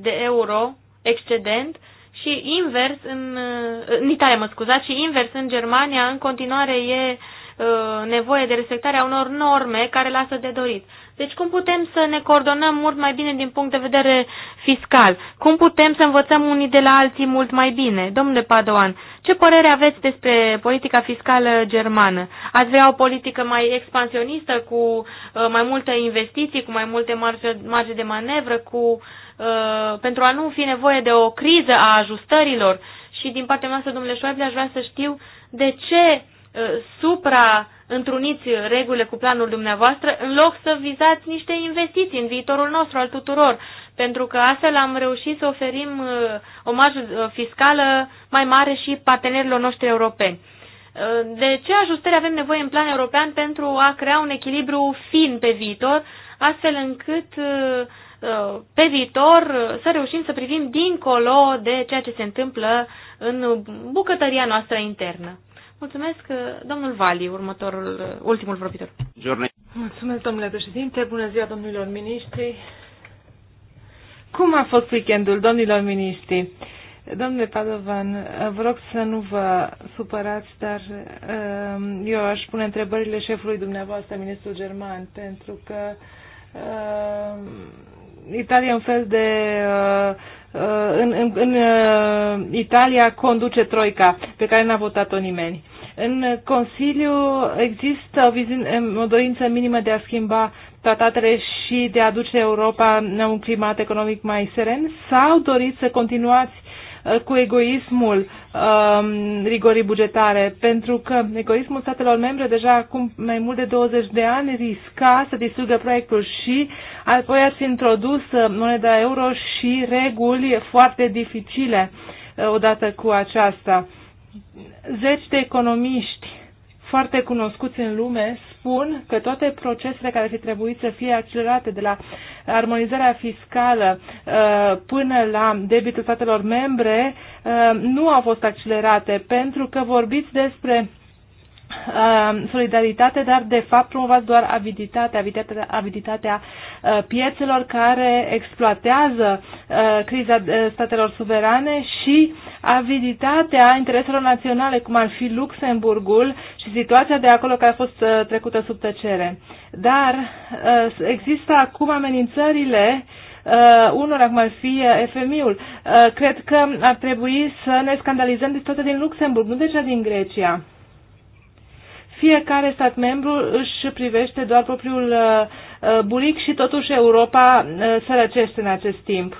de euro excedent uh, și invers în, uh, în Italia, mă scuzați, și invers în Germania, în continuare e uh, nevoie de respectarea unor norme care lasă de dorit. Deci cum putem să ne coordonăm mult mai bine din punct de vedere fiscal? Cum putem să învățăm unii de la alții mult mai bine? Domnule Padoan, ce părere aveți despre politica fiscală germană? Ați vrea o politică mai expansionistă, cu uh, mai multe investiții, cu mai multe marge, marge de manevră, cu uh, Uh, pentru a nu fi nevoie de o criză a ajustărilor. Și din partea noastră, domnule Șoaible, aș vrea să știu de ce uh, supra întruniți regulile cu planul dumneavoastră în loc să vizați niște investiții în viitorul nostru al tuturor, pentru că astfel am reușit să oferim uh, o marjă fiscală mai mare și partenerilor noștri europeni. De ce ajustări avem nevoie în plan european pentru a crea un echilibru fin pe viitor, astfel încât Uh, pe viitor uh, să reușim să privim dincolo de ceea ce se întâmplă în bucătăria noastră internă. Mulțumesc, uh, domnul Vali, următorul, ultimul vorbitor. Mulțumesc, domnule președinte. Bună ziua, domnilor miniștri. Cum a fost weekendul, domnilor miniștri? Domnule Padovan, vă rog să nu vă supărați, dar eu aș pune întrebările șefului dumneavoastră, ministrul german, pentru că Italia un fel de uh, uh în, în, în uh, Italia conduce Troica, pe care n-a votat-o nimeni. În Consiliu există o, vizin, o dorință minimă de a schimba tratatele și de a aduce Europa în un climat economic mai seren sau doriți să continuați uh, cu egoismul um, rigorii bugetare, pentru că egoismul statelor membre deja acum mai mult de 20 de ani risca să distrugă proiectul și apoi ar fi introdus uh, moneda euro și reguli foarte dificile uh, odată cu aceasta. Zeci de economiști foarte cunoscuți în lume spun că toate procesele care ar fi trebuit să fie accelerate de la armonizarea fiscală uh, până la debitul statelor membre uh, nu au fost accelerate pentru că vorbiți despre uh, solidaritate, dar de fapt promovați doar aviditatea, aviditatea, aviditatea piețelor care exploatează criza statelor suverane și aviditatea intereselor naționale, cum ar fi Luxemburgul, și situația de acolo care a fost uh, trecută sub tăcere. Dar uh, există acum amenințările uh, unor, acum ar fi uh, FMI-ul. Uh, cred că ar trebui să ne scandalizăm de toate din Luxemburg, nu de cea din Grecia. Fiecare stat membru își privește doar propriul uh, buric și totuși Europa uh, sărăcește în acest timp.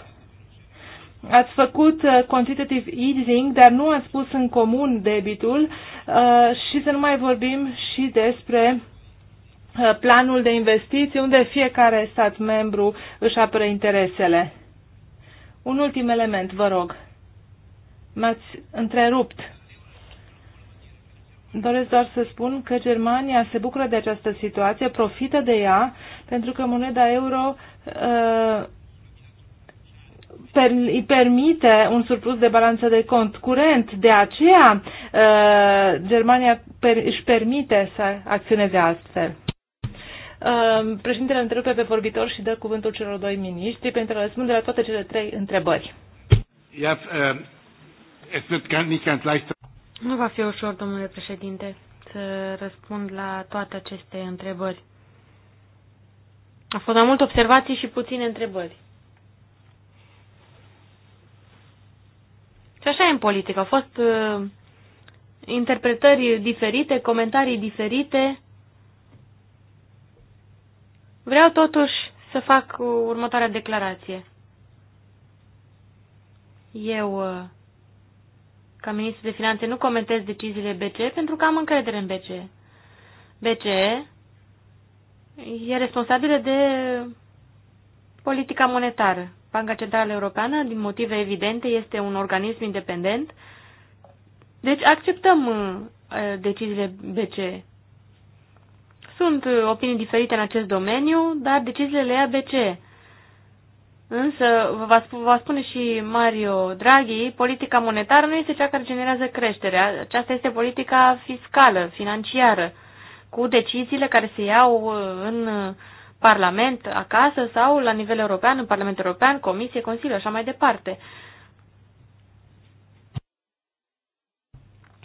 Ați făcut uh, quantitative easing, dar nu ați pus în comun debitul uh, și să nu mai vorbim și despre uh, planul de investiții unde fiecare stat membru își apără interesele. Un ultim element, vă rog. M-ați întrerupt. Doresc doar să spun că Germania se bucură de această situație, profită de ea, pentru că moneda euro uh, per, îi permite un surplus de balanță de cont curent. De aceea, uh, Germania per, își permite să acționeze astfel. Uh, președintele întrerupe pe vorbitor și dă cuvântul celor doi miniștri pentru a răspunde la toate cele trei întrebări. Uh, nu va fi ușor, domnule președinte, să răspund la toate aceste întrebări. A fost mai mult observații și puține întrebări. Și așa e în politică. Au fost uh, interpretări diferite, comentarii diferite. Vreau totuși să fac următoarea declarație. Eu, uh, ca ministru de finanțe, nu comentez deciziile BCE pentru că am încredere în BCE. BCE e responsabilă de politica monetară. Banca Centrală Europeană, din motive evidente, este un organism independent. Deci acceptăm uh, uh, deciziile BCE. Sunt uh, opinii diferite în acest domeniu, dar deciziile le ia BCE. Însă, vă va spune și Mario Draghi, politica monetară nu este cea care generează creștere, Aceasta este politica fiscală, financiară, cu deciziile care se iau în Parlament, acasă sau la nivel european, în Parlamentul European, Comisie, Consiliu, așa mai departe.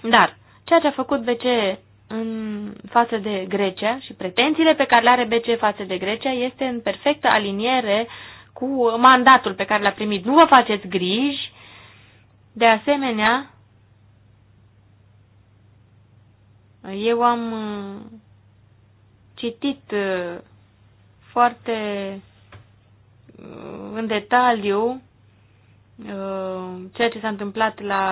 Dar ceea ce a făcut BCE în față de Grecia și pretențiile pe care le are BCE față de Grecia este în perfectă aliniere cu mandatul pe care l-a primit. Nu vă faceți griji. De asemenea, eu am uh, citit uh, foarte uh, în detaliu uh, ceea ce s-a întâmplat la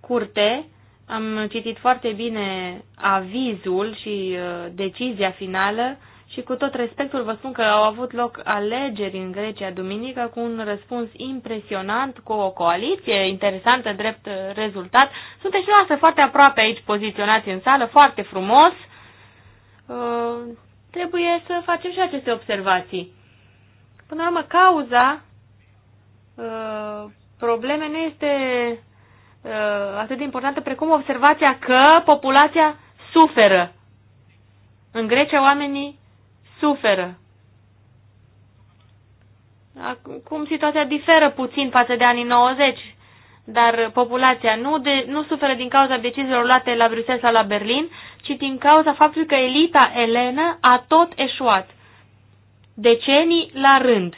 curte. Am citit foarte bine avizul și uh, decizia finală și cu tot respectul vă spun că au avut loc alegeri în Grecia duminică cu un răspuns impresionant, cu o coaliție interesantă drept rezultat. Sunteți și noastră foarte aproape aici poziționați în sală, foarte frumos trebuie să facem și aceste observații. Până la urmă, cauza uh, probleme nu este uh, atât de importantă precum observația că populația suferă. În Grecia oamenii suferă. Acum situația diferă puțin față de anii 90, dar populația nu, de, nu suferă din cauza deciziilor luate la Bruxelles sau la Berlin, ci din cauza faptului că elita elenă a tot eșuat. Decenii la rând.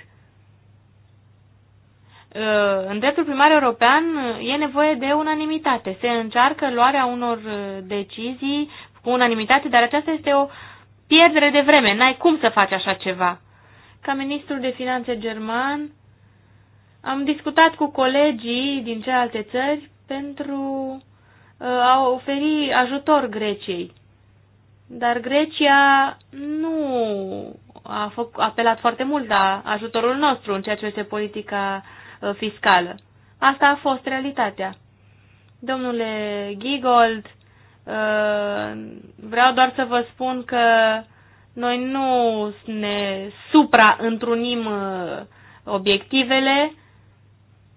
Uh, în dreptul primar european uh, e nevoie de unanimitate. Se încearcă luarea unor uh, decizii cu unanimitate, dar aceasta este o pierdere de vreme. N-ai cum să faci așa ceva. Ca ministrul de finanțe german, am discutat cu colegii din celelalte țări pentru a oferi ajutor Greciei. Dar Grecia nu a apelat foarte mult la ajutorul nostru în ceea ce este politica uh, fiscală. Asta a fost realitatea. Domnule Gigold, uh, vreau doar să vă spun că noi nu ne supra-întrunim uh, obiectivele,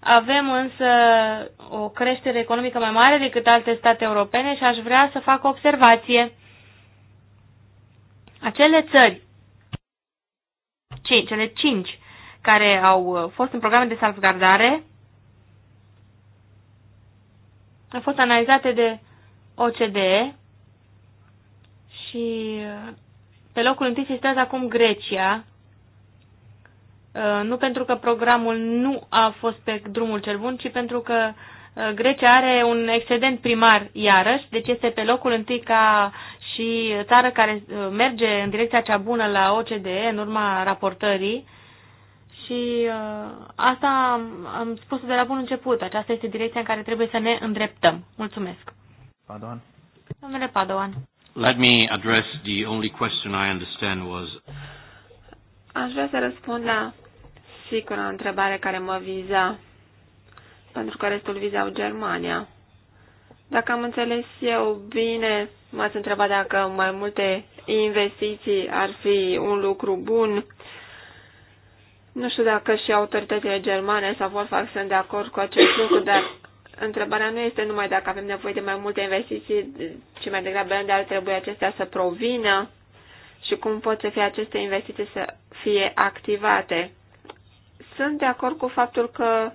avem însă o creștere economică mai mare decât alte state europene și aș vrea să fac o observație. Acele țări, cinci, cele cinci care au uh, fost în programe de salvgardare, au fost analizate de OCDE și uh, pe locul întâi se stează acum Grecia, Uh, nu pentru că programul nu a fost pe drumul cel bun, ci pentru că uh, Grecia are un excedent primar iarăși, deci este pe locul întâi ca și țară care uh, merge în direcția cea bună la OCDE în urma raportării. Și asta am spus de la bun început. Aceasta este direcția în care trebuie să ne îndreptăm. Mulțumesc. Padoan. Domnule Padoan. Let me address the only question I understand was Aș vrea să răspund la sigur o întrebare care mă viza, pentru că restul vizau Germania. Dacă am înțeles eu bine, m-ați întrebat dacă mai multe investiții ar fi un lucru bun. Nu știu dacă și autoritățile germane sau Volkswagen sunt de acord cu acest lucru, dar întrebarea nu este numai dacă avem nevoie de mai multe investiții, ci mai degrabă unde ar trebui acestea să provină și cum pot să fie aceste investiții să fie activate. Sunt de acord cu faptul că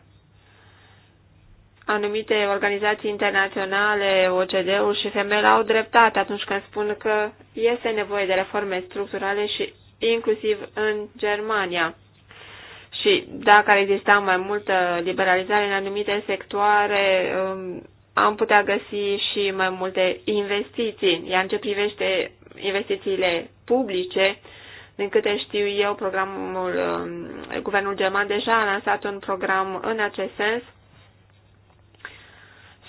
anumite organizații internaționale, OCD-ul și femei au dreptate atunci când spun că este nevoie de reforme structurale și inclusiv în Germania. Și dacă ar exista mai multă liberalizare în anumite sectoare, um, am putea găsi și mai multe investiții. Iar în ce privește investițiile publice, din câte știu eu, programul, um, guvernul german deja a lansat un program în acest sens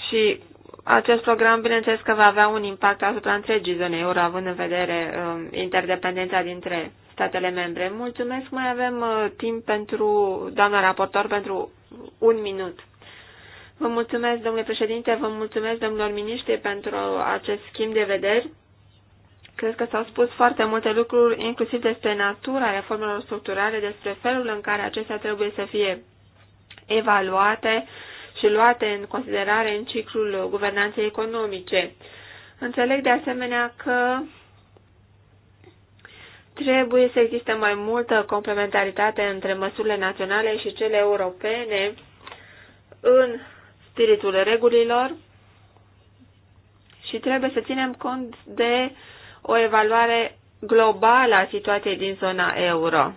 și acest program, bineînțeles că va avea un impact asupra întregii zone euro, având în vedere um, interdependența dintre statele membre. Mulțumesc, mai avem uh, timp pentru doamna raportor pentru un minut. Vă mulțumesc, domnule președinte, vă mulțumesc, domnilor miniștri, pentru acest schimb de vederi. Cred că s-au spus foarte multe lucruri, inclusiv despre natura reformelor structurale, despre felul în care acestea trebuie să fie evaluate și luate în considerare în ciclul guvernanței economice. Înțeleg de asemenea că trebuie să existe mai multă complementaritate între măsurile naționale și cele europene în spiritul regulilor și trebuie să ținem cont de uh, o evaluare globală a situației din zona euro,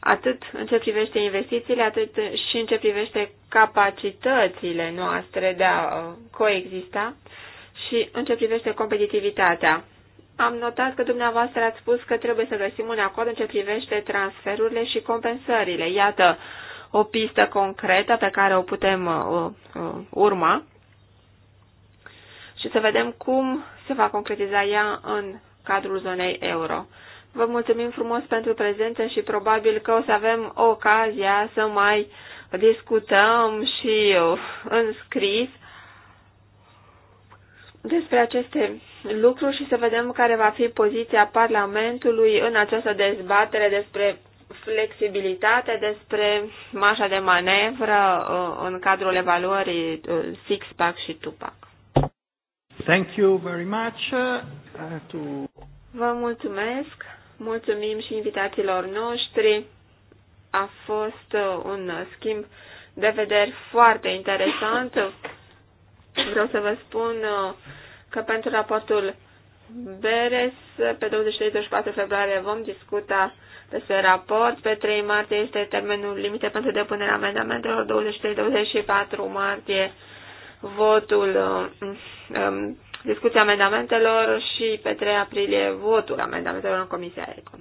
atât în ce privește investițiile, atât și în ce privește capacitățile noastre de a uh, coexista și în ce privește competitivitatea. Am notat că dumneavoastră ați spus că trebuie să găsim un acord în ce privește transferurile și compensările. Iată o pistă concretă pe care o putem uh, uh, urma și să vedem cum se va concretiza ea în cadrul zonei euro. Vă mulțumim frumos pentru prezență și probabil că o să avem ocazia să mai discutăm și uh, în scris despre aceste lucruri și să vedem care va fi poziția Parlamentului în această dezbatere despre flexibilitate, despre mașa de manevră uh, în cadrul evaluării uh, six-pack și Tupac. Thank you very much uh, uh, to... Vă mulțumesc, mulțumim și invitațiilor noștri. A fost uh, un schimb de vederi foarte interesant. Vreau să vă spun uh, că pentru raportul Beres, pe 23-24 februarie vom discuta despre raport. Pe 3 martie este termenul limite pentru depunerea amendamentelor, 23-24 martie votul, uh, um, discuția amendamentelor și pe 3 aprilie votul amendamentelor în Comisia Econ.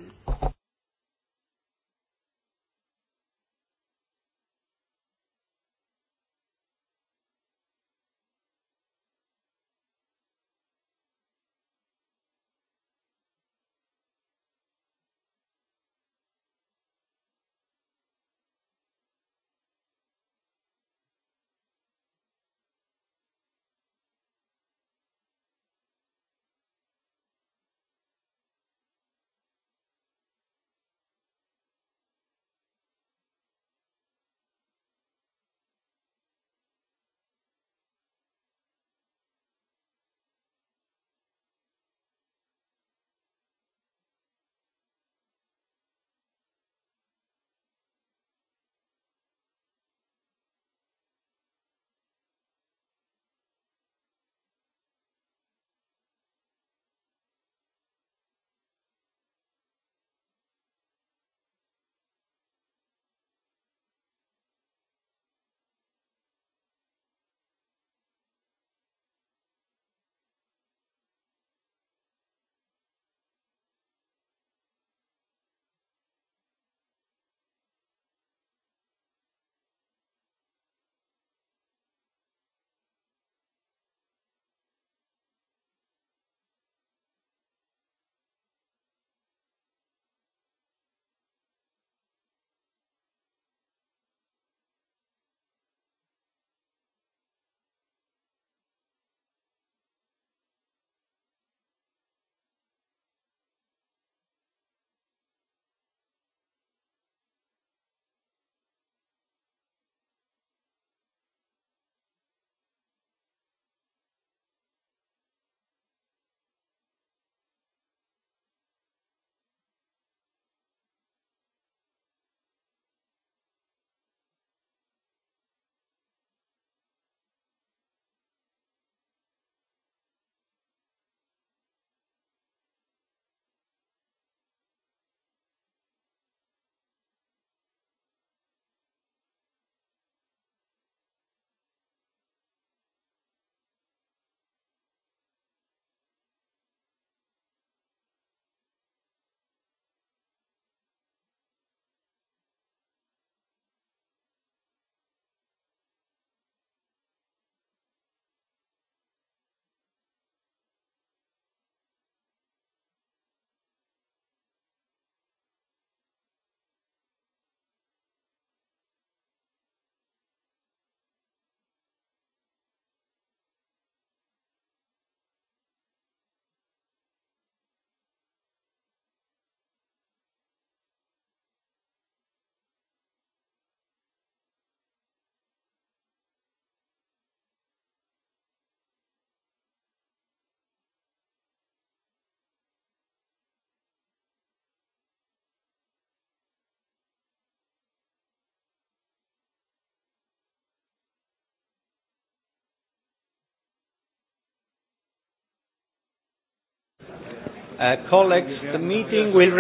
Uh, colleagues, the meeting will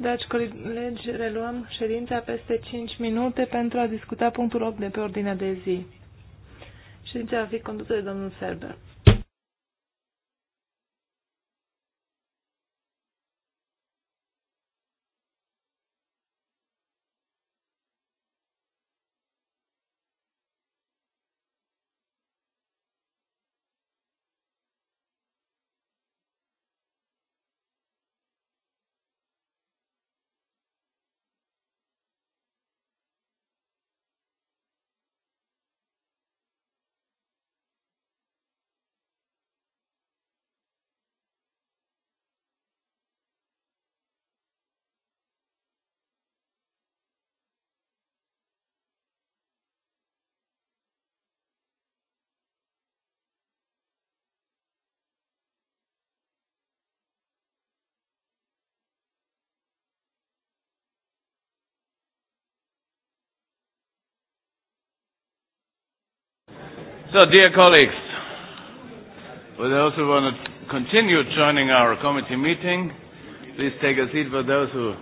Dragi colegi, reluăm ședința peste 5 minute pentru a discuta punctul 8 de pe ordinea de zi. Ședința va fi condusă de domnul Serber. So, dear colleagues, for those who want to continue joining our committee meeting, please take a seat for those who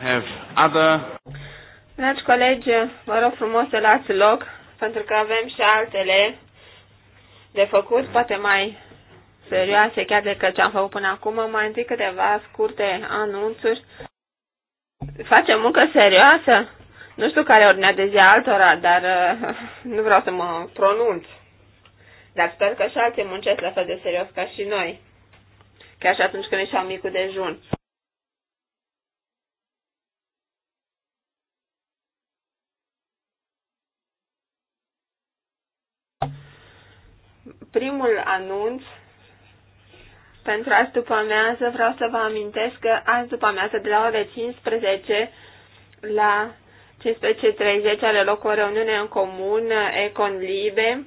have other. Dragi colegi, vă rog frumos să lați loc, pentru că avem și altele de făcut, poate mai serioase chiar decât ce am făcut până acum. Mai întâi câteva scurte anunțuri. Facem muncă serioasă? Nu știu care e ordinea de zi altora, dar uh, nu vreau să mă pronunț. Dar sper că și alții muncesc la fel de serios ca și noi. Chiar și atunci când ieșeam micul dejun. Primul anunț pentru azi după amiază vreau să vă amintesc că azi după amiază de la ore 15 la 15.30 are loc o reuniune în comun, Econ Libe,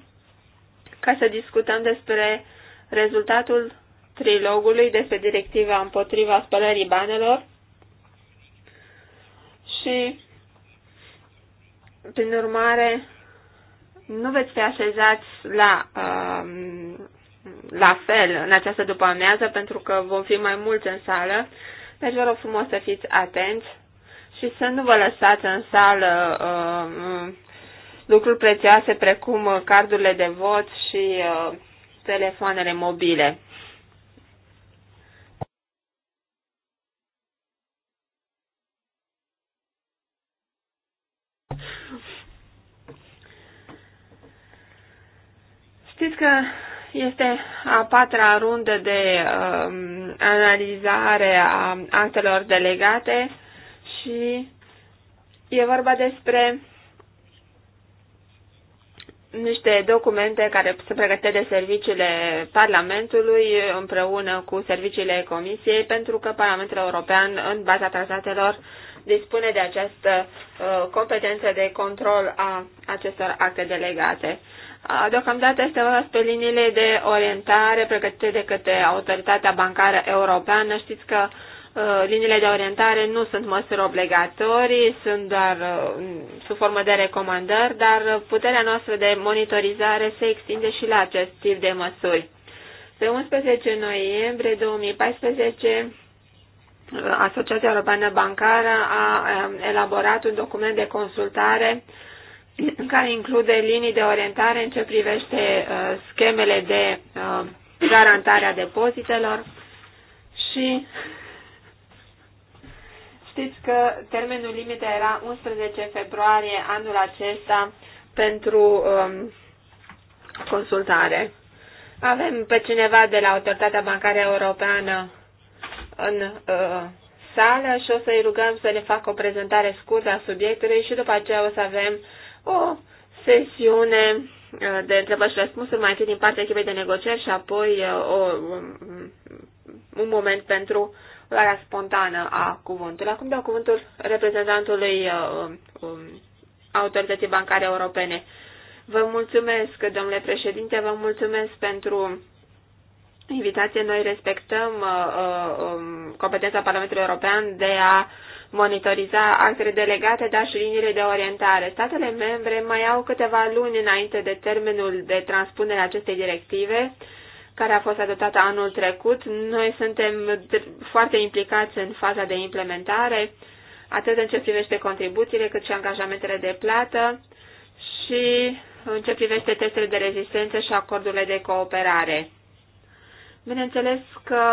ca să discutăm despre rezultatul trilogului despre directiva împotriva spălării banelor și, prin urmare, nu veți fi așezați la, um, la fel în această după-amiază, pentru că vom fi mai mulți în sală, deci vă rog frumos să fiți atenți și să nu vă lăsați în sală uh, lucruri prețioase precum cardurile de vot și uh, telefoanele mobile. Știți că este a patra rundă de uh, analizare a actelor delegate și e vorba despre niște documente care se pregătesc de serviciile Parlamentului împreună cu serviciile Comisiei, pentru că Parlamentul European, în baza tratatelor, dispune de această uh, competență de control a acestor acte delegate. Uh, deocamdată este vorba pe liniile de orientare pregătite de către Autoritatea Bancară Europeană. Știți că uh, Uh, liniile de orientare nu sunt măsuri obligatorii, sunt doar uh, sub formă de recomandări, dar puterea noastră de monitorizare se extinde și la acest tip de măsuri. Pe 11 noiembrie 2014, uh, Asociația Europeană Bancară a um, elaborat un document de consultare care include linii de orientare în ce privește schemele de garantare a depozitelor și Știți că termenul limită era 11 februarie anul acesta pentru um, consultare. Avem pe cineva de la Autoritatea Bancară Europeană în uh, sală și o să-i rugăm să ne facă o prezentare scurtă a subiectului și după aceea o să avem o sesiune uh, de întrebări și răspunsuri, mai întâi din partea echipei de negocieri și apoi uh, o, um, un moment pentru luarea spontană a cuvântului. Acum dau cuvântul reprezentantului uh, um, um, Autorității Bancare Europene. Vă mulțumesc, domnule președinte, vă mulțumesc pentru invitație. Noi respectăm uh, uh, um, competența Parlamentului European de a monitoriza actele delegate, dar și liniile de orientare. Statele membre mai au câteva luni înainte de termenul de transpunere a acestei directive uh, care a fost adoptată anul trecut. Noi suntem foarte implicați în faza de implementare, atât în ce privește contribuțiile, cât și angajamentele de plată și în ce privește testele de rezistență și acordurile de cooperare. Bineînțeles că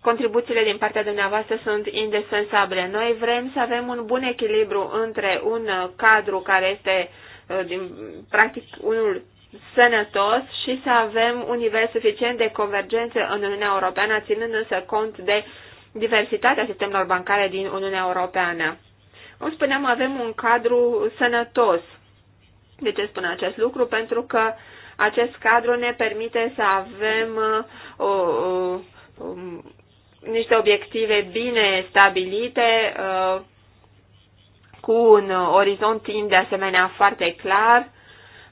contribuțiile din partea dumneavoastră sunt indispensabile. Noi vrem să avem un bun echilibru între un cadru care este uh, din, practic unul sănătos și să avem un nivel suficient de convergență în Uniunea Europeană, ținând însă cont de diversitatea sistemelor bancare din Uniunea Europeană. Cum spuneam, avem un cadru sănătos. De ce spun acest lucru? Pentru că acest cadru ne permite să avem uh, o, o, uh, o, um, niște obiective bine stabilite, uh, cu un orizont timp de asemenea foarte clar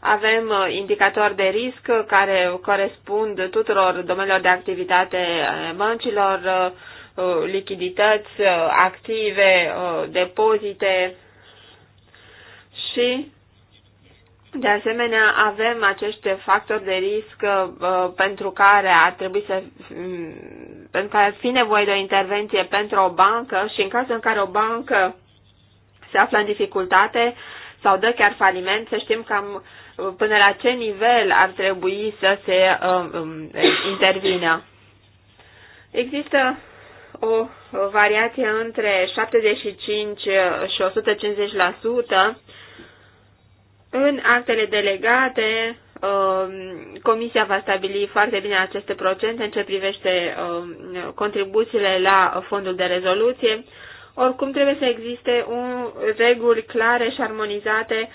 avem uh, indicatori de risc uh, care corespund tuturor domeniilor de activitate băncilor, uh, lichidități, active, depozite și de asemenea, avem acești factori de risc uh, pentru care ar trebui să mm, pentru care ar fi nevoie de o intervenție pentru o bancă și în cazul în care o bancă se află în dificultate sau dă chiar faliment, să știm cam până la ce nivel ar trebui să se uh, intervină. Există o variație între 75 și 150%. În actele delegate, um, Comisia va stabili foarte bine aceste procente în ce privește contribuțiile la fondul de rezoluție. Oricum trebuie să existe un, reguli clare și armonizate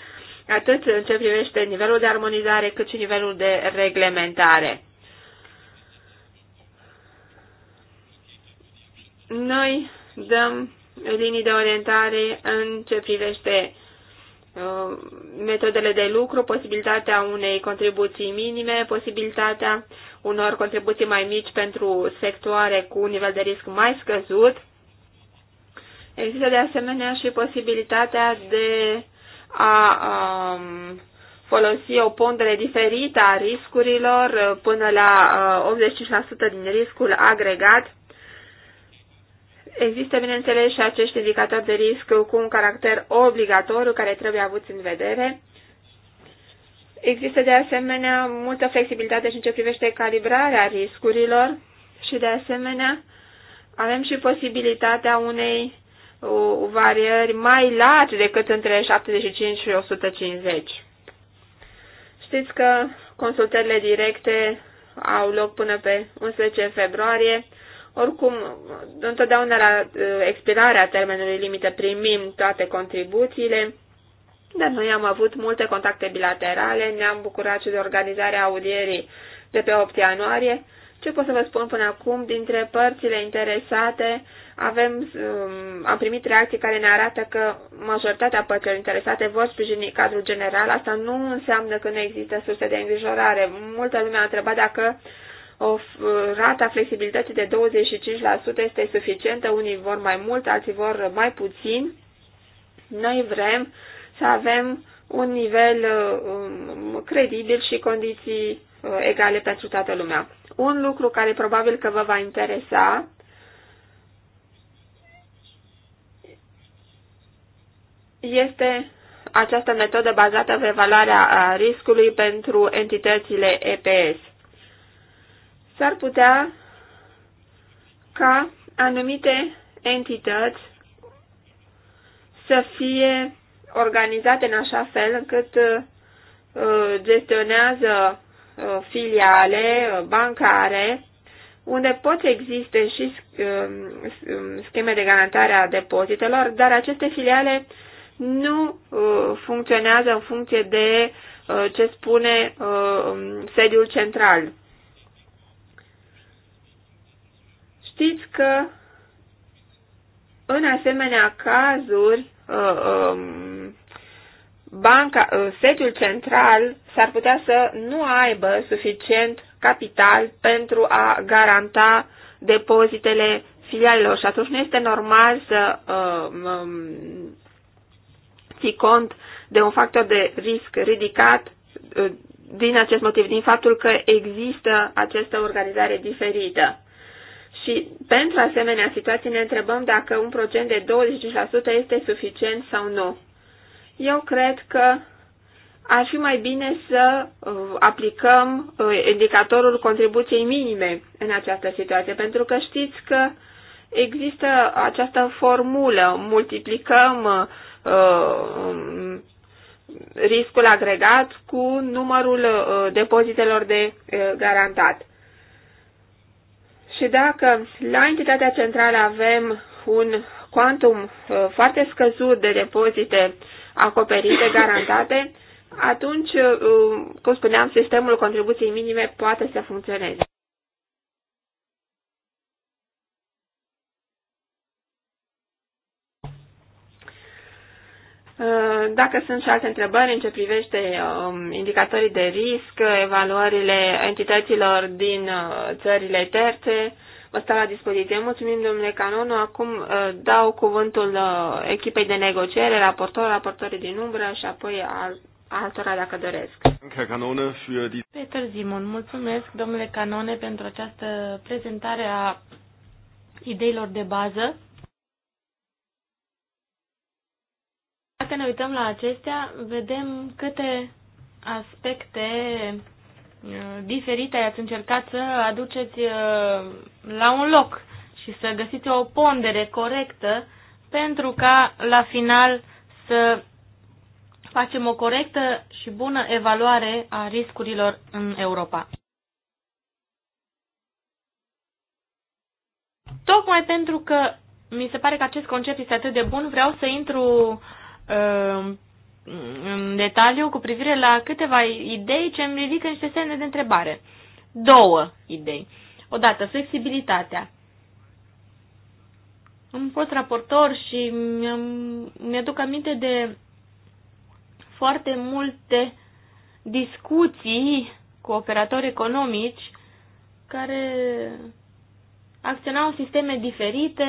atât în ce privește nivelul de armonizare, cât și nivelul de reglementare. Noi dăm linii de orientare în ce privește uh, metodele de lucru, posibilitatea unei contribuții minime, posibilitatea unor contribuții mai mici pentru sectoare cu un nivel de risc mai scăzut. Există de asemenea și posibilitatea de a um, folosi o pondere diferită a riscurilor uh, până la uh, 85% din riscul agregat. Există, bineînțeles, și acești indicatori de risc cu un caracter obligatoriu care trebuie avut în vedere. Există, de asemenea, multă flexibilitate și în ce privește calibrarea riscurilor și, de asemenea, avem și posibilitatea unei variări mai largi decât între 75 și 150. Știți că consultările directe au loc până pe 11 februarie. Oricum, întotdeauna la uh, expirarea termenului limită primim toate contribuțiile, dar noi am avut multe contacte bilaterale, ne-am bucurat și de organizarea audierii de pe 8 ianuarie. Ce pot să vă spun până acum? Dintre părțile interesate, avem, um, am primit reacții care ne arată că majoritatea părților interesate vor sprijini cadrul general. Asta nu înseamnă că nu există surse de îngrijorare. Multă lume a întrebat dacă o rata flexibilității de 25% este suficientă, unii vor mai mult, alții vor mai puțin. Noi vrem să avem un nivel um, credibil și condiții uh, egale pentru toată lumea. Un lucru care probabil că vă va interesa este această metodă bazată pe valoarea riscului pentru entitățile EPS. S-ar putea ca anumite entități să fie organizate în așa fel încât uh, gestionează uh, filiale uh, bancare unde pot existe și um, scheme de garantare a depozitelor, dar aceste filiale nu uh, funcționează în funcție de uh, ce spune uh, sediul central. Știți că în asemenea cazuri um, banca, sediul central s-ar putea să nu aibă suficient capital pentru a garanta depozitele filialelor și atunci nu este normal să um, ții cont de un factor de risc ridicat uh, din acest motiv, din faptul că există această organizare diferită. Și pentru asemenea situații ne întrebăm dacă un procent de 25% este suficient sau nu. Eu cred că ar fi mai bine să uh, aplicăm uh, indicatorul contribuției minime în această situație, pentru că știți că există această formulă, multiplicăm Uh, riscul agregat cu numărul uh, depozitelor de uh, garantat. Și dacă la entitatea centrală avem un quantum foarte scăzut de depozite acoperite, garantate, atunci, cum spuneam, sistemul contribuției minime poate să funcționeze. Uh, dacă sunt și alte întrebări în ce privește um, indicatorii de risc, evaluările entităților din uh, țările terțe, vă stau la dispoziție. Mulțumim, domnule Canonu. Acum uh, dau cuvântul echipei de negociere, raportor, raportorii din umbră și apoi altora dacă doresc. Peter Zimon, mulțumesc, domnule Canone, pentru această prezentare a ideilor de bază Dacă ne uităm la acestea, vedem câte aspecte uh, diferite ați încercat să aduceți uh, la un loc și să găsiți o pondere corectă pentru ca la final să facem o corectă și bună evaluare a riscurilor în Europa. Tocmai pentru că mi se pare că acest concept este atât de bun, vreau să intru Uh, în detaliu cu privire la câteva idei ce îmi ridică niște semne de întrebare. Două idei. Odată, flexibilitatea. Am fost raportor și mi-aduc aminte de foarte multe discuții cu operatori economici care acționau sisteme diferite,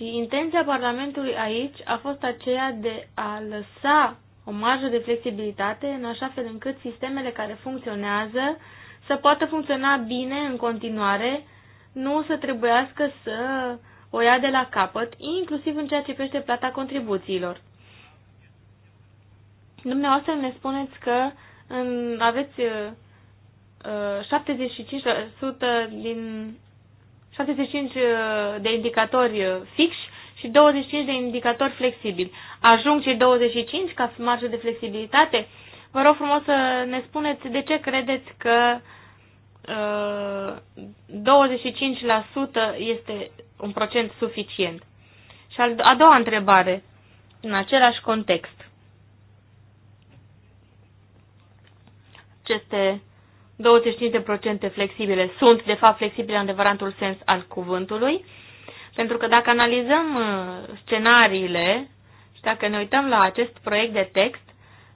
și intenția Parlamentului aici a fost aceea de a lăsa o marjă de flexibilitate în așa fel încât sistemele care funcționează să poată funcționa bine în continuare, nu să trebuiască să o ia de la capăt, inclusiv în ceea ce privește plata contribuțiilor. Dumneavoastră ne spuneți că în, aveți uh, 75% din 75 uh, de indicatori uh, fixi și 25 de indicatori flexibili. Ajung cei 25 ca marjă de flexibilitate? Vă rog frumos să ne spuneți de ce credeți că uh, 25% este un procent suficient. Și a doua întrebare, în același context. Aceste 25% flexibile sunt, de fapt, flexibile în adevăratul sens al cuvântului, pentru că dacă analizăm uh, scenariile și dacă ne uităm la acest proiect de text,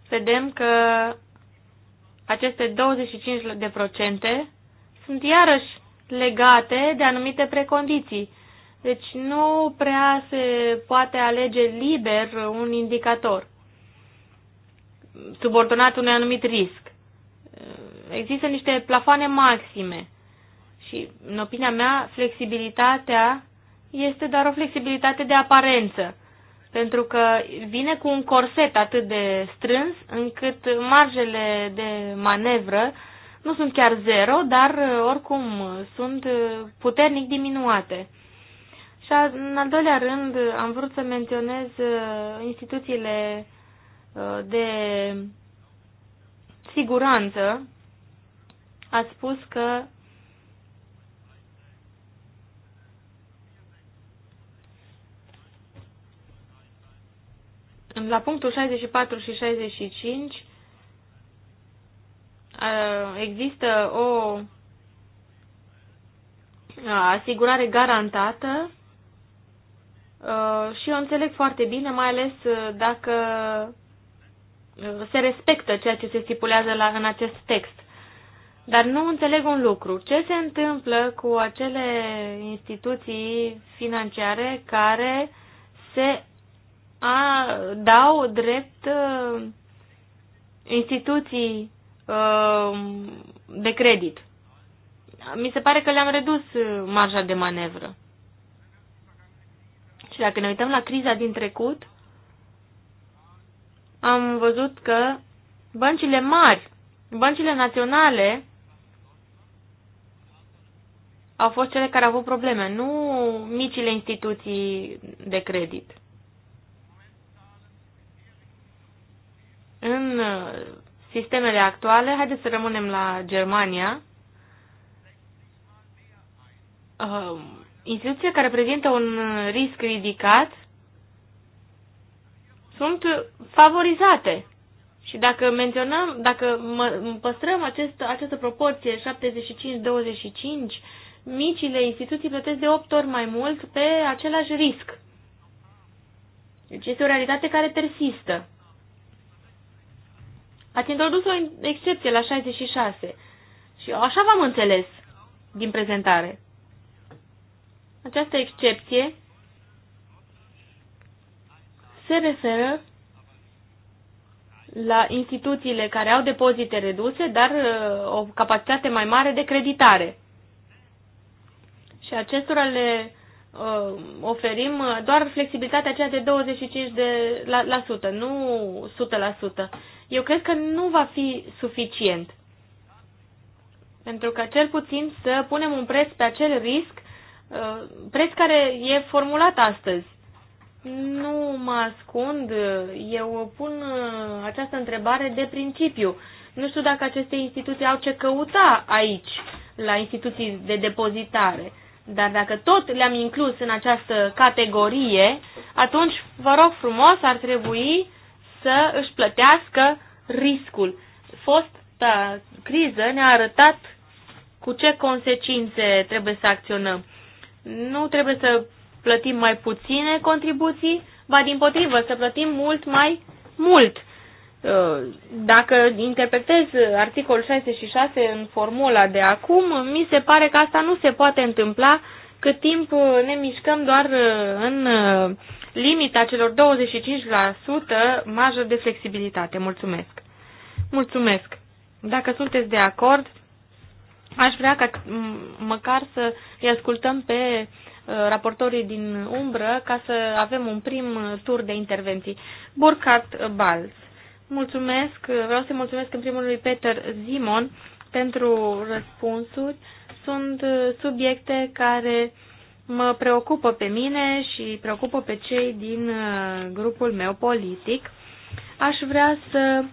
vedem că aceste 25% sunt iarăși legate de anumite precondiții. Deci nu prea se poate alege liber un indicator subordonat unui anumit risc există niște plafoane maxime și, în opinia mea, flexibilitatea este doar o flexibilitate de aparență, pentru că vine cu un corset atât de strâns încât marjele de manevră nu sunt chiar zero, dar oricum sunt puternic diminuate. Și în al doilea rând am vrut să menționez uh, instituțiile uh, de siguranță ați spus că la punctul 64 și 65 există o asigurare garantată și o înțeleg foarte bine, mai ales dacă se respectă ceea ce se stipulează la, în acest text. Dar nu înțeleg un lucru. Ce se întâmplă cu acele instituții financiare care se a, dau drept uh, instituții uh, de credit? Mi se pare că le-am redus uh, marja de manevră. Și dacă ne uităm la criza din trecut, am văzut că băncile mari, băncile naționale, au fost cele care au avut probleme, nu micile instituții de credit. În uh, sistemele actuale, haideți să rămânem la Germania, uh, instituții care prezintă un risc ridicat sunt favorizate. Și dacă menționăm, dacă păstrăm acest, această proporție 75-25, micile instituții plătesc de 8 ori mai mult pe același risc. Deci este o realitate care persistă. Ați introdus o excepție la 66 și așa v-am înțeles din prezentare. Această excepție se referă la instituțiile care au depozite reduse, dar uh, o capacitate mai mare de creditare și acestora le uh, oferim uh, doar flexibilitatea aceea de 25%, de la, la sută, nu 100%. Eu cred că nu va fi suficient. Pentru că cel puțin să punem un preț pe acel risc, uh, preț care e formulat astăzi. Nu mă ascund, uh, eu pun uh, această întrebare de principiu. Nu știu dacă aceste instituții au ce căuta aici, la instituții de depozitare. Dar dacă tot le-am inclus în această categorie, atunci vă rog frumos, ar trebui să își plătească riscul. Fosta da, criză ne-a arătat cu ce consecințe trebuie să acționăm. Nu trebuie să plătim mai puține contribuții, ba din potrivă, să plătim mult mai mult. Uh, dacă interpretez articolul 66 în formula de acum, mi se pare că asta nu se poate întâmpla cât timp ne mișcăm doar uh, în uh, limita celor 25% marjă de flexibilitate. Mulțumesc! Mulțumesc! Dacă sunteți de acord, aș vrea ca măcar să îi ascultăm pe raportorii din umbră ca să avem un prim tur de intervenții. Burkhard Balz. Mulțumesc, vreau să mulțumesc în primul lui Peter Zimon pentru răspunsuri. Sunt subiecte care mă preocupă pe mine și preocupă pe cei din uh, grupul meu politic. Aș vrea să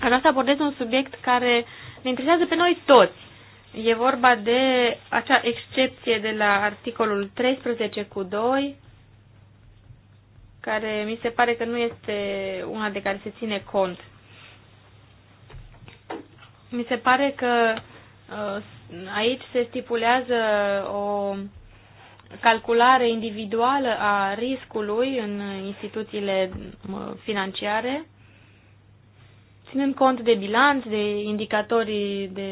Aș vrea să abordez un subiect care ne interesează pe noi toți. E vorba de acea excepție de la articolul 13 cu 2 care mi se pare că nu este una de care se ține cont. Mi se pare că uh, aici se stipulează o calculare individuală a riscului în instituțiile uh, financiare, ținând cont de bilanț, de indicatorii de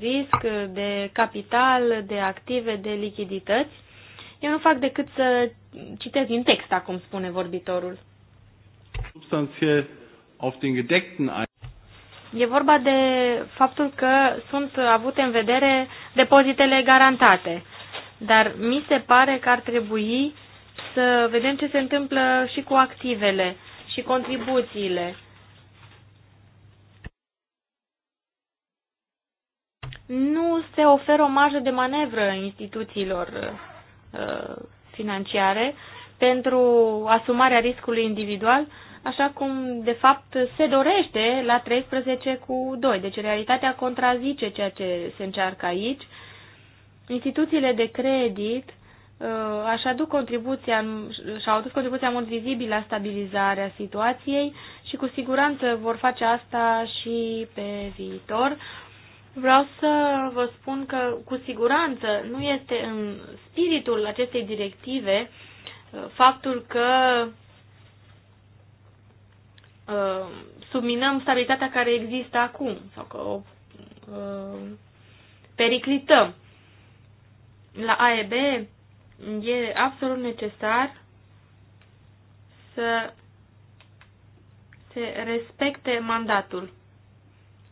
risc, de capital, de active, de lichidități. Eu nu fac decât să citesc din text acum spune vorbitorul. E vorba de faptul că sunt avute în vedere depozitele garantate. Dar mi se pare că ar trebui să vedem ce se întâmplă și cu activele și contribuțiile. Nu se oferă o marjă de manevră instituțiilor financiare pentru asumarea riscului individual, așa cum de fapt se dorește la 13 cu 2. Deci realitatea contrazice ceea ce se încearcă aici. Instituțiile de credit uh, așa aduc contribuția, și-au adus contribuția mult vizibil la stabilizarea situației și cu siguranță vor face asta și pe viitor. Vreau să vă spun că, cu siguranță, nu este în spiritul acestei directive uh, faptul că uh, subminăm stabilitatea care există acum sau că o uh, periclităm. La AEB e absolut necesar să se respecte mandatul.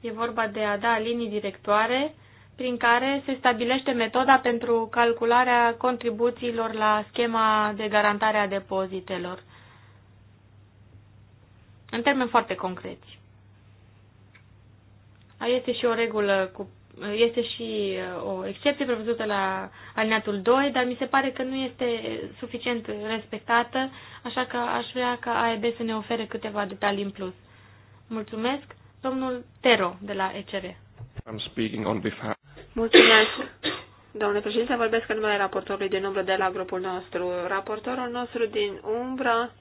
E vorba de a da linii directoare prin care se stabilește metoda pentru calcularea contribuțiilor la schema de garantare a depozitelor. În termeni foarte concreți. Este și o regulă cu este și uh, o excepție prevăzută la alineatul 2, dar mi se pare că nu este suficient respectată, așa că aș vrea ca AEB să ne ofere câteva detalii în plus. Mulțumesc. Domnul Tero de la ECR. I'm speaking on behalf. Mulțumesc. Domnule președinte, vorbesc în numele raportorului din umbră de la grupul nostru. Raportorul nostru din umbră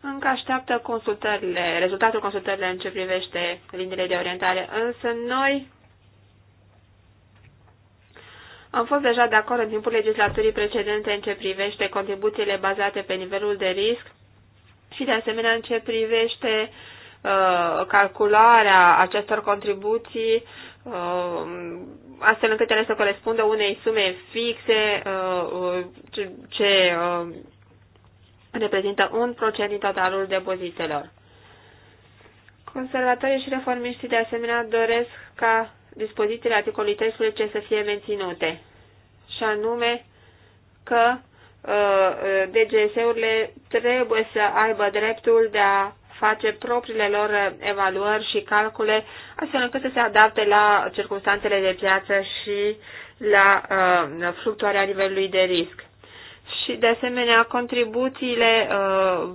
încă așteaptă consultările, rezultatul consultărilor în ce privește liniile de orientare, însă noi am fost deja de acord în timpul legislaturii precedente în ce privește contribuțiile bazate pe nivelul de risc și de asemenea în ce privește Uh, calcularea acestor contribuții uh, astfel încât ele să corespundă unei sume fixe uh, ce reprezintă un procent din totalul depozitelor. Conservatorii și reformiștii de asemenea doresc ca dispozițiile articolului 13 să fie menținute, și anume că DGS-urile trebuie să aibă dreptul de a face propriile lor evaluări și calcule, astfel încât să se adapte la circunstanțele de piață și la uh, fluctuarea nivelului de risc. Și, de asemenea, contribuțiile uh,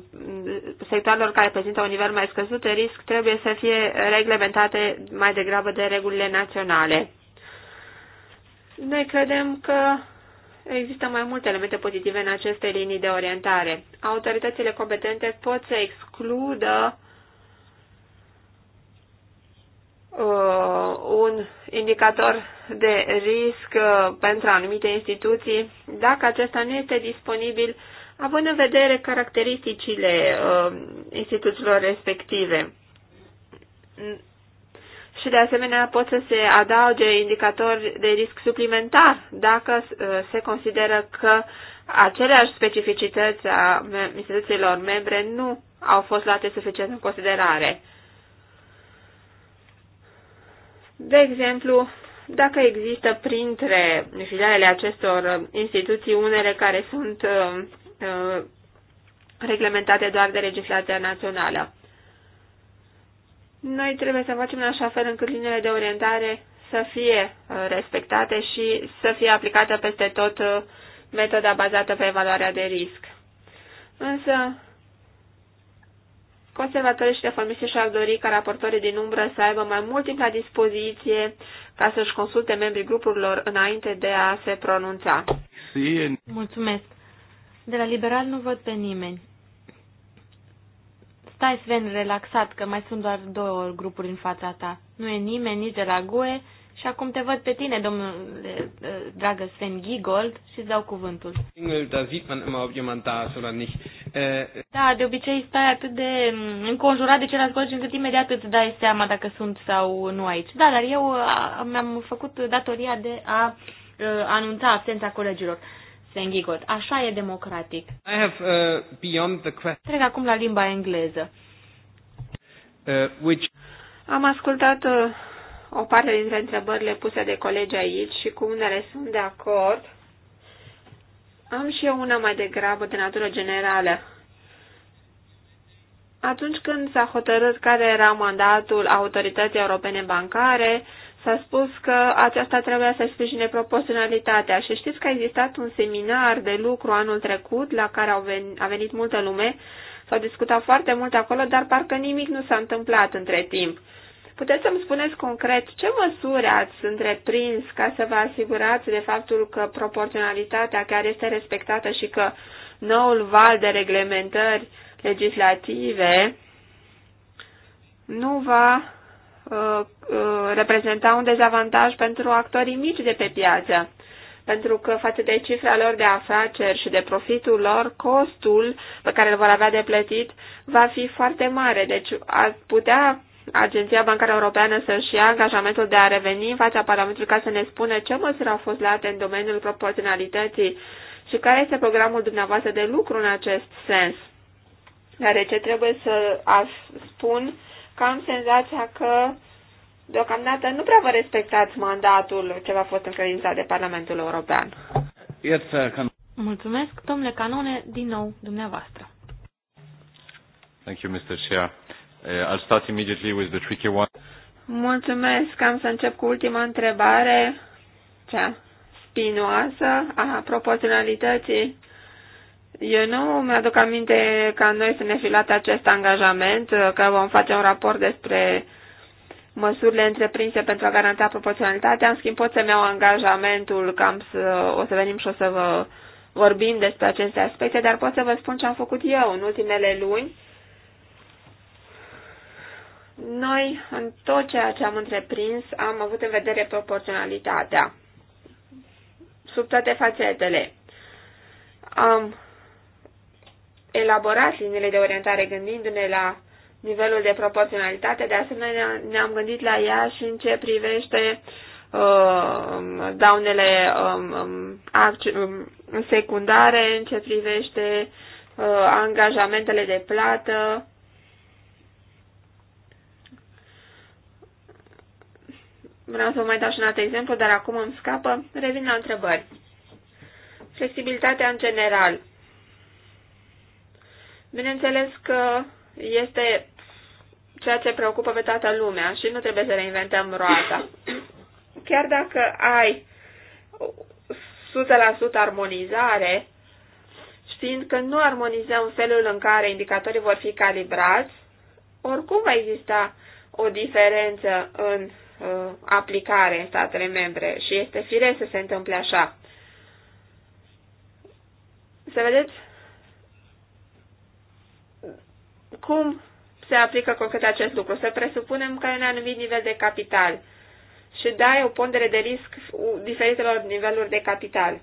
sectoarelor care prezintă un nivel mai scăzut de risc trebuie să fie reglementate mai degrabă de regulile naționale. Noi credem că Există mai multe elemente pozitive în aceste linii de orientare. Autoritățile competente pot să excludă uh, un indicator de risc uh, pentru anumite instituții dacă acesta nu este disponibil având în vedere caracteristicile uh, instituțiilor respective și de asemenea pot să se adauge indicatori de risc suplimentar dacă uh, se consideră că aceleași specificități a instituțiilor membre nu au fost luate suficient în considerare. De exemplu, dacă există printre filialele acestor instituții unele care sunt uh, uh, reglementate doar de legislația națională. Noi trebuie să facem în așa fel încât liniile de orientare să fie uh, respectate și să fie aplicată peste tot uh, metoda bazată pe evaluarea de risc. Însă, conservatorii și reformiștii și-ar dori ca raportorii din umbră să aibă mai mult timp la dispoziție ca să-și consulte membrii grupurilor înainte de a se pronunța. Mulțumesc. De la liberal nu văd pe nimeni. Stai, Sven, relaxat, că mai sunt doar două grupuri în fața ta. Nu e nimeni nici de la GUE și acum te văd pe tine, domnule, ă, dragă Sven Gigold, și îți dau cuvântul. Da, sieht man immer, ob jemand da ist oder nicht. Äh, da, de obicei stai atât de înconjurat de ceilalți colegi încât imediat îți dai seama dacă sunt sau nu aici. Da, dar eu mi-am făcut datoria de a ă, anunța absența colegilor. Senghigot. Așa e democratic. I have, uh, beyond the question. Trec acum la limba engleză. Uh, which... Am ascultat uh, o parte dintre întrebările puse de colegi aici și cu unele sunt de acord. Am și eu una mai degrabă de natură generală. Atunci când s-a hotărât care era mandatul autorității europene bancare, uh, S-a spus că aceasta trebuia să sprijine proporționalitatea și știți că a existat un seminar de lucru anul trecut la care au venit, a venit multă lume, s-au discutat foarte mult acolo, dar parcă nimic nu s-a întâmplat între timp. Puteți să-mi spuneți concret ce măsuri ați întreprins ca să vă asigurați de faptul că proporționalitatea chiar este respectată și că noul val de reglementări legislative nu va Uh, reprezenta un dezavantaj pentru actorii mici de pe piață, pentru că față de cifra lor de afaceri și de profitul lor, costul pe care îl vor avea de plătit va fi foarte mare. Deci ar putea Agenția Bancară Europeană să-și ia angajamentul de a reveni în fața Parlamentului ca să ne spună ce măsuri au fost luate în domeniul proporționalității și care este programul dumneavoastră de lucru în acest sens. Deoarece trebuie să spun că am senzația că deocamdată nu prea vă respectați mandatul ce v-a fost încredințat de Parlamentul European. Mulțumesc, domnule Canone, din nou dumneavoastră. Thank you, Mr. Chair. Uh, I'll start immediately with the tricky one. Mulțumesc. Am să încep cu ultima întrebare, cea spinoasă, a proporționalității eu nu mi-aduc aminte ca noi să ne fi luat acest angajament, că vom face un raport despre măsurile întreprinse pentru a garanta proporționalitatea. În schimb, pot să-mi iau angajamentul că am să, o să venim și o să vă vorbim despre aceste aspecte, dar pot să vă spun ce am făcut eu în ultimele luni. Noi, în tot ceea ce am întreprins, am avut în vedere proporționalitatea sub toate fațetele. Am elaborat liniile de orientare gândindu-ne la nivelul de proporționalitate. De asemenea, ne-am gândit la ea și în ce privește uh, daunele um, um, um, secundare, în ce privește uh, angajamentele de plată, Vreau să vă mai dau și un alt exemplu, dar acum îmi scapă. Revin la întrebări. Flexibilitatea în general. Bineînțeles că este ceea ce preocupă pe toată lumea și nu trebuie să reinventăm roata. Chiar dacă ai 100% armonizare, știind că nu armonizăm felul în care indicatorii vor fi calibrați, oricum va exista o diferență în uh, aplicare în statele membre și este firesc să se întâmple așa. Să vedeți, Cum se aplică concret acest lucru? Să presupunem că ai un anumit nivel de capital și dai o pondere de risc diferitelor niveluri de capital.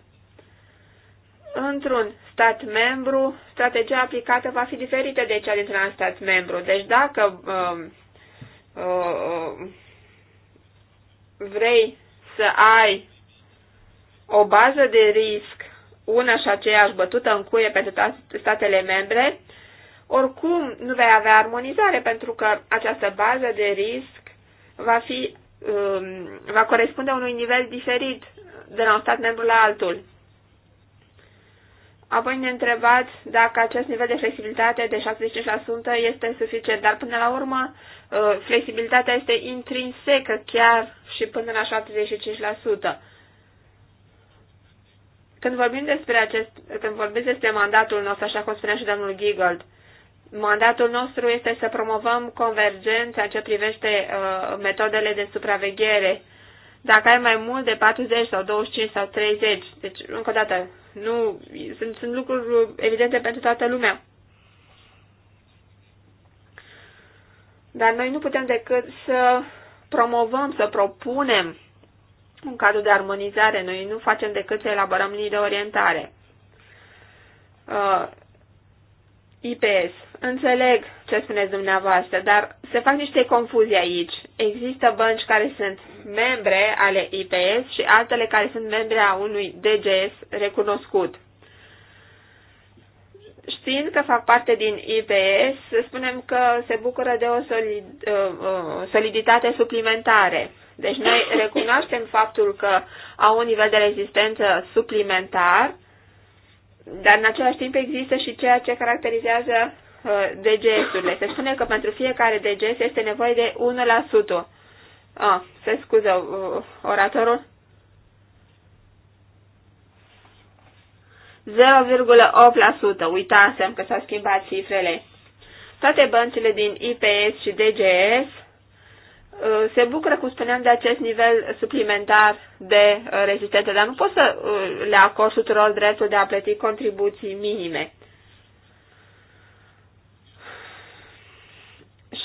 Într-un stat membru, strategia aplicată va fi diferită de cea dintr-un alt stat membru. Deci dacă uh, uh, vrei să ai o bază de risc una și aceeași bătută în cuie pentru statele membre, oricum, nu vei avea armonizare pentru că această bază de risc va, fi, um, va corespunde unui nivel diferit de la un stat membru la altul. Apoi ne întrebați dacă acest nivel de flexibilitate de 65% este suficient, dar până la urmă uh, flexibilitatea este intrinsecă chiar și până la 75%. Când vorbim despre acest, când vorbim despre mandatul nostru, așa cum spunea și domnul Giggold, Mandatul nostru este să promovăm convergența ce privește uh, metodele de supraveghere. Dacă ai mai mult de 40 sau 25 sau 30, deci încă o dată, nu, sunt, sunt lucruri uh, evidente pentru toată lumea. Dar noi nu putem decât să promovăm, să propunem un cadru de armonizare. Noi nu facem decât să elaborăm linii de orientare. Uh, IPS înțeleg ce spuneți dumneavoastră, dar se fac niște confuzii aici. Există bănci care sunt membre ale IPS și altele care sunt membre a unui DGS recunoscut. Știind că fac parte din IPS, să spunem că se bucură de o solid, uh, uh soliditate suplimentare. Deci noi recunoaștem faptul că au un nivel de rezistență suplimentar, dar în același timp există și ceea ce caracterizează Uh, DGS-urile. Se spune că pentru fiecare DGS este nevoie de 1%. Ah, se scuză uh, oratorul. 0,8%. Uitasem că s-au schimbat cifrele. Toate băncile din IPS și DGS uh, se bucură, cum spuneam, de acest nivel suplimentar de rezistență, dar nu pot să le acord tuturor dreptul de a plăti contribuții minime.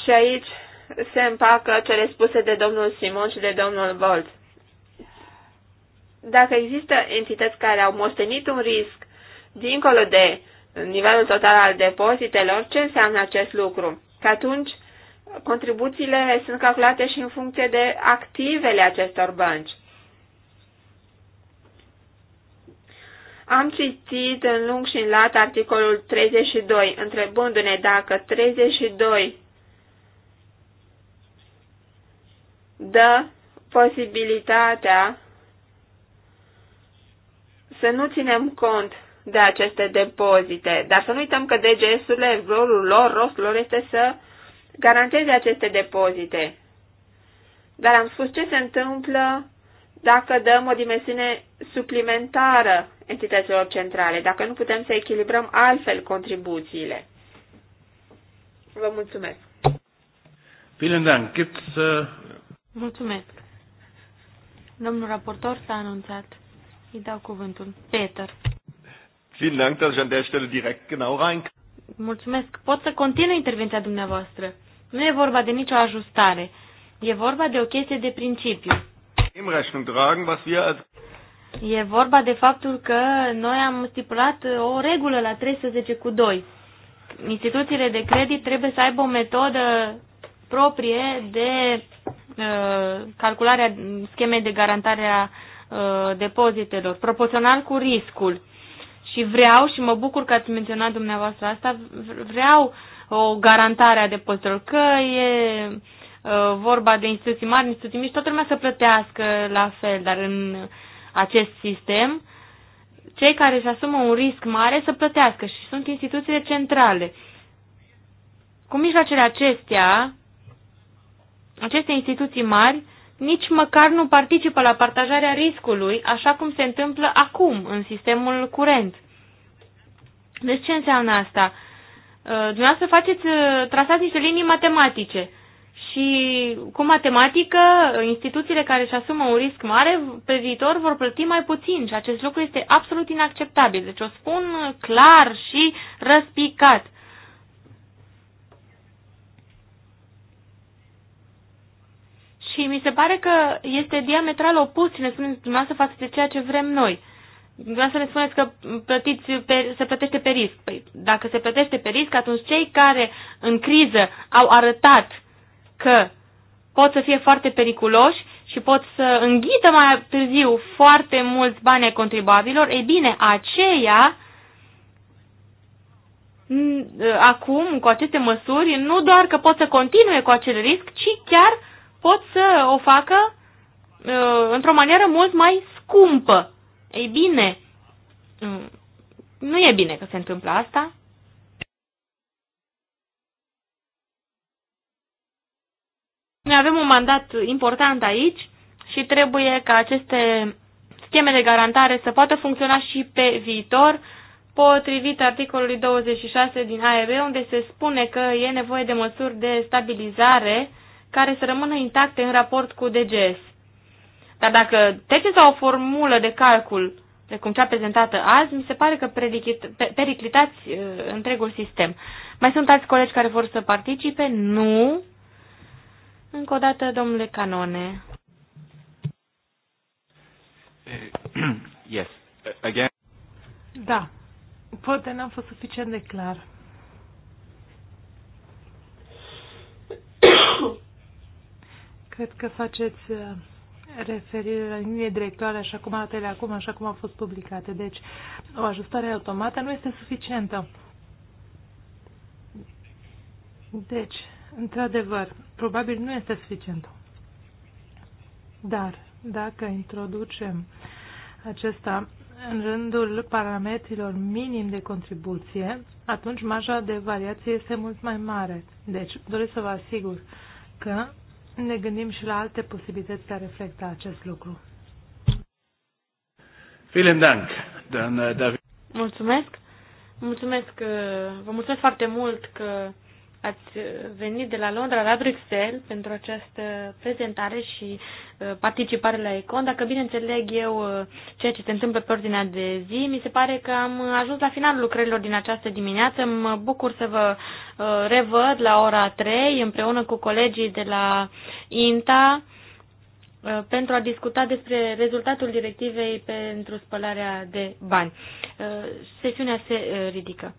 Și aici se împacă cele spuse de domnul Simon și de domnul Volt. Dacă există entități care au moștenit un risc dincolo de nivelul total al depozitelor, ce înseamnă acest lucru? Că atunci contribuțiile sunt calculate și în funcție de activele acestor bănci. Am citit în lung și în lat articolul 32, întrebându-ne dacă 32 dă posibilitatea să nu ținem cont de aceste depozite, dar să nu uităm că DGS-urile, rolul lor, rostul lor este să garanteze aceste depozite. Dar am spus ce se întâmplă dacă dăm o dimensiune suplimentară entităților centrale, dacă nu putem să echilibrăm altfel contribuțiile. Vă mulțumesc. Vielen Dank. es äh, uh, Mulțumesc. Domnul raportor s-a anunțat. Îi dau cuvântul. Peter. Vielen Dank, dass ich an der Stelle direkt genau rein Mulțumesc. Pot să continui intervenția dumneavoastră. Nu e vorba de nicio ajustare. E vorba de o chestie de principiu. Im Rechnung tragen, was wir als E vorba de faptul că noi am stipulat o regulă la 13 cu 2. Instituțiile de credit trebuie să aibă o metodă proprie de Uh, calcularea schemei de garantare a uh, depozitelor, proporțional cu riscul. Și vreau, și mă bucur că ați menționat dumneavoastră asta, vreau o garantare a depozitelor, că e uh, vorba de instituții mari, instituții mici, toată lumea să plătească la fel, dar în acest sistem, cei care își asumă un risc mare să plătească și sunt instituțiile centrale. Cu mijloacele acestea, aceste instituții mari nici măcar nu participă la partajarea riscului, așa cum se întâmplă acum în sistemul curent. Deci ce înseamnă asta? Uh, dumneavoastră faceți, uh, trasați niște linii matematice și cu matematică uh, instituțiile care își asumă un risc mare pe viitor vor plăti mai puțin și acest lucru este absolut inacceptabil. Deci o spun clar și răspicat. Și mi se pare că este diametral opus și ne spuneți dumneavoastră față de ceea ce vrem noi. Dumneavoastră ne spuneți că plătiți pe, se plătește pe risc. Păi, dacă se plătește pe risc, atunci cei care în criză au arătat că pot să fie foarte periculoși și pot să înghită mai târziu foarte mulți bani ai contribuabilor, ei bine, aceia mm, acum, cu aceste măsuri, nu doar că pot să continue cu acel risc, ci chiar pot să o facă uh, într-o manieră mult mai scumpă. Ei bine, mm, nu e bine că se întâmplă asta. Noi avem un mandat important aici și trebuie ca aceste scheme de garantare să poată funcționa și pe viitor, potrivit articolului 26 din AEB, unde se spune că e nevoie de măsuri de stabilizare uh, care să rămână intacte în raport cu DGS. Dar dacă trecem la o formulă de calcul precum cea prezentată azi, mi se pare că periclitați uh, întregul sistem. Mai sunt alți colegi care vor să participe? Nu. Încă o dată, domnule Canone. Eh, yes. Again. Da. Poate n-am fost suficient de clar. Cred că faceți uh, referire la linie directoare așa cum arată ele acum, așa cum au fost publicate. Deci, o ajustare automată nu este suficientă. Deci, într-adevăr, probabil nu este suficientă. Dar, dacă introducem acesta în rândul parametrilor minim de contribuție, atunci marja de variație este mult mai mare. Deci, doresc să vă asigur că ne gândim și la alte posibilități de a reflecta acest lucru. Vielen Dank, uh, Mulțumesc. Mulțumesc. Uh, vă mulțumesc foarte mult că ați venit de la Londra la Bruxelles pentru această prezentare și uh, participare la Econ. Dacă bine înțeleg eu uh, ceea ce se întâmplă pe ordinea de zi, mi se pare că am ajuns la finalul lucrărilor din această dimineață. Mă bucur să vă uh, revăd la ora 3 împreună cu colegii de la INTA pentru a discuta despre rezultatul directivei pentru spălarea de bani. Sesiunea se ridică.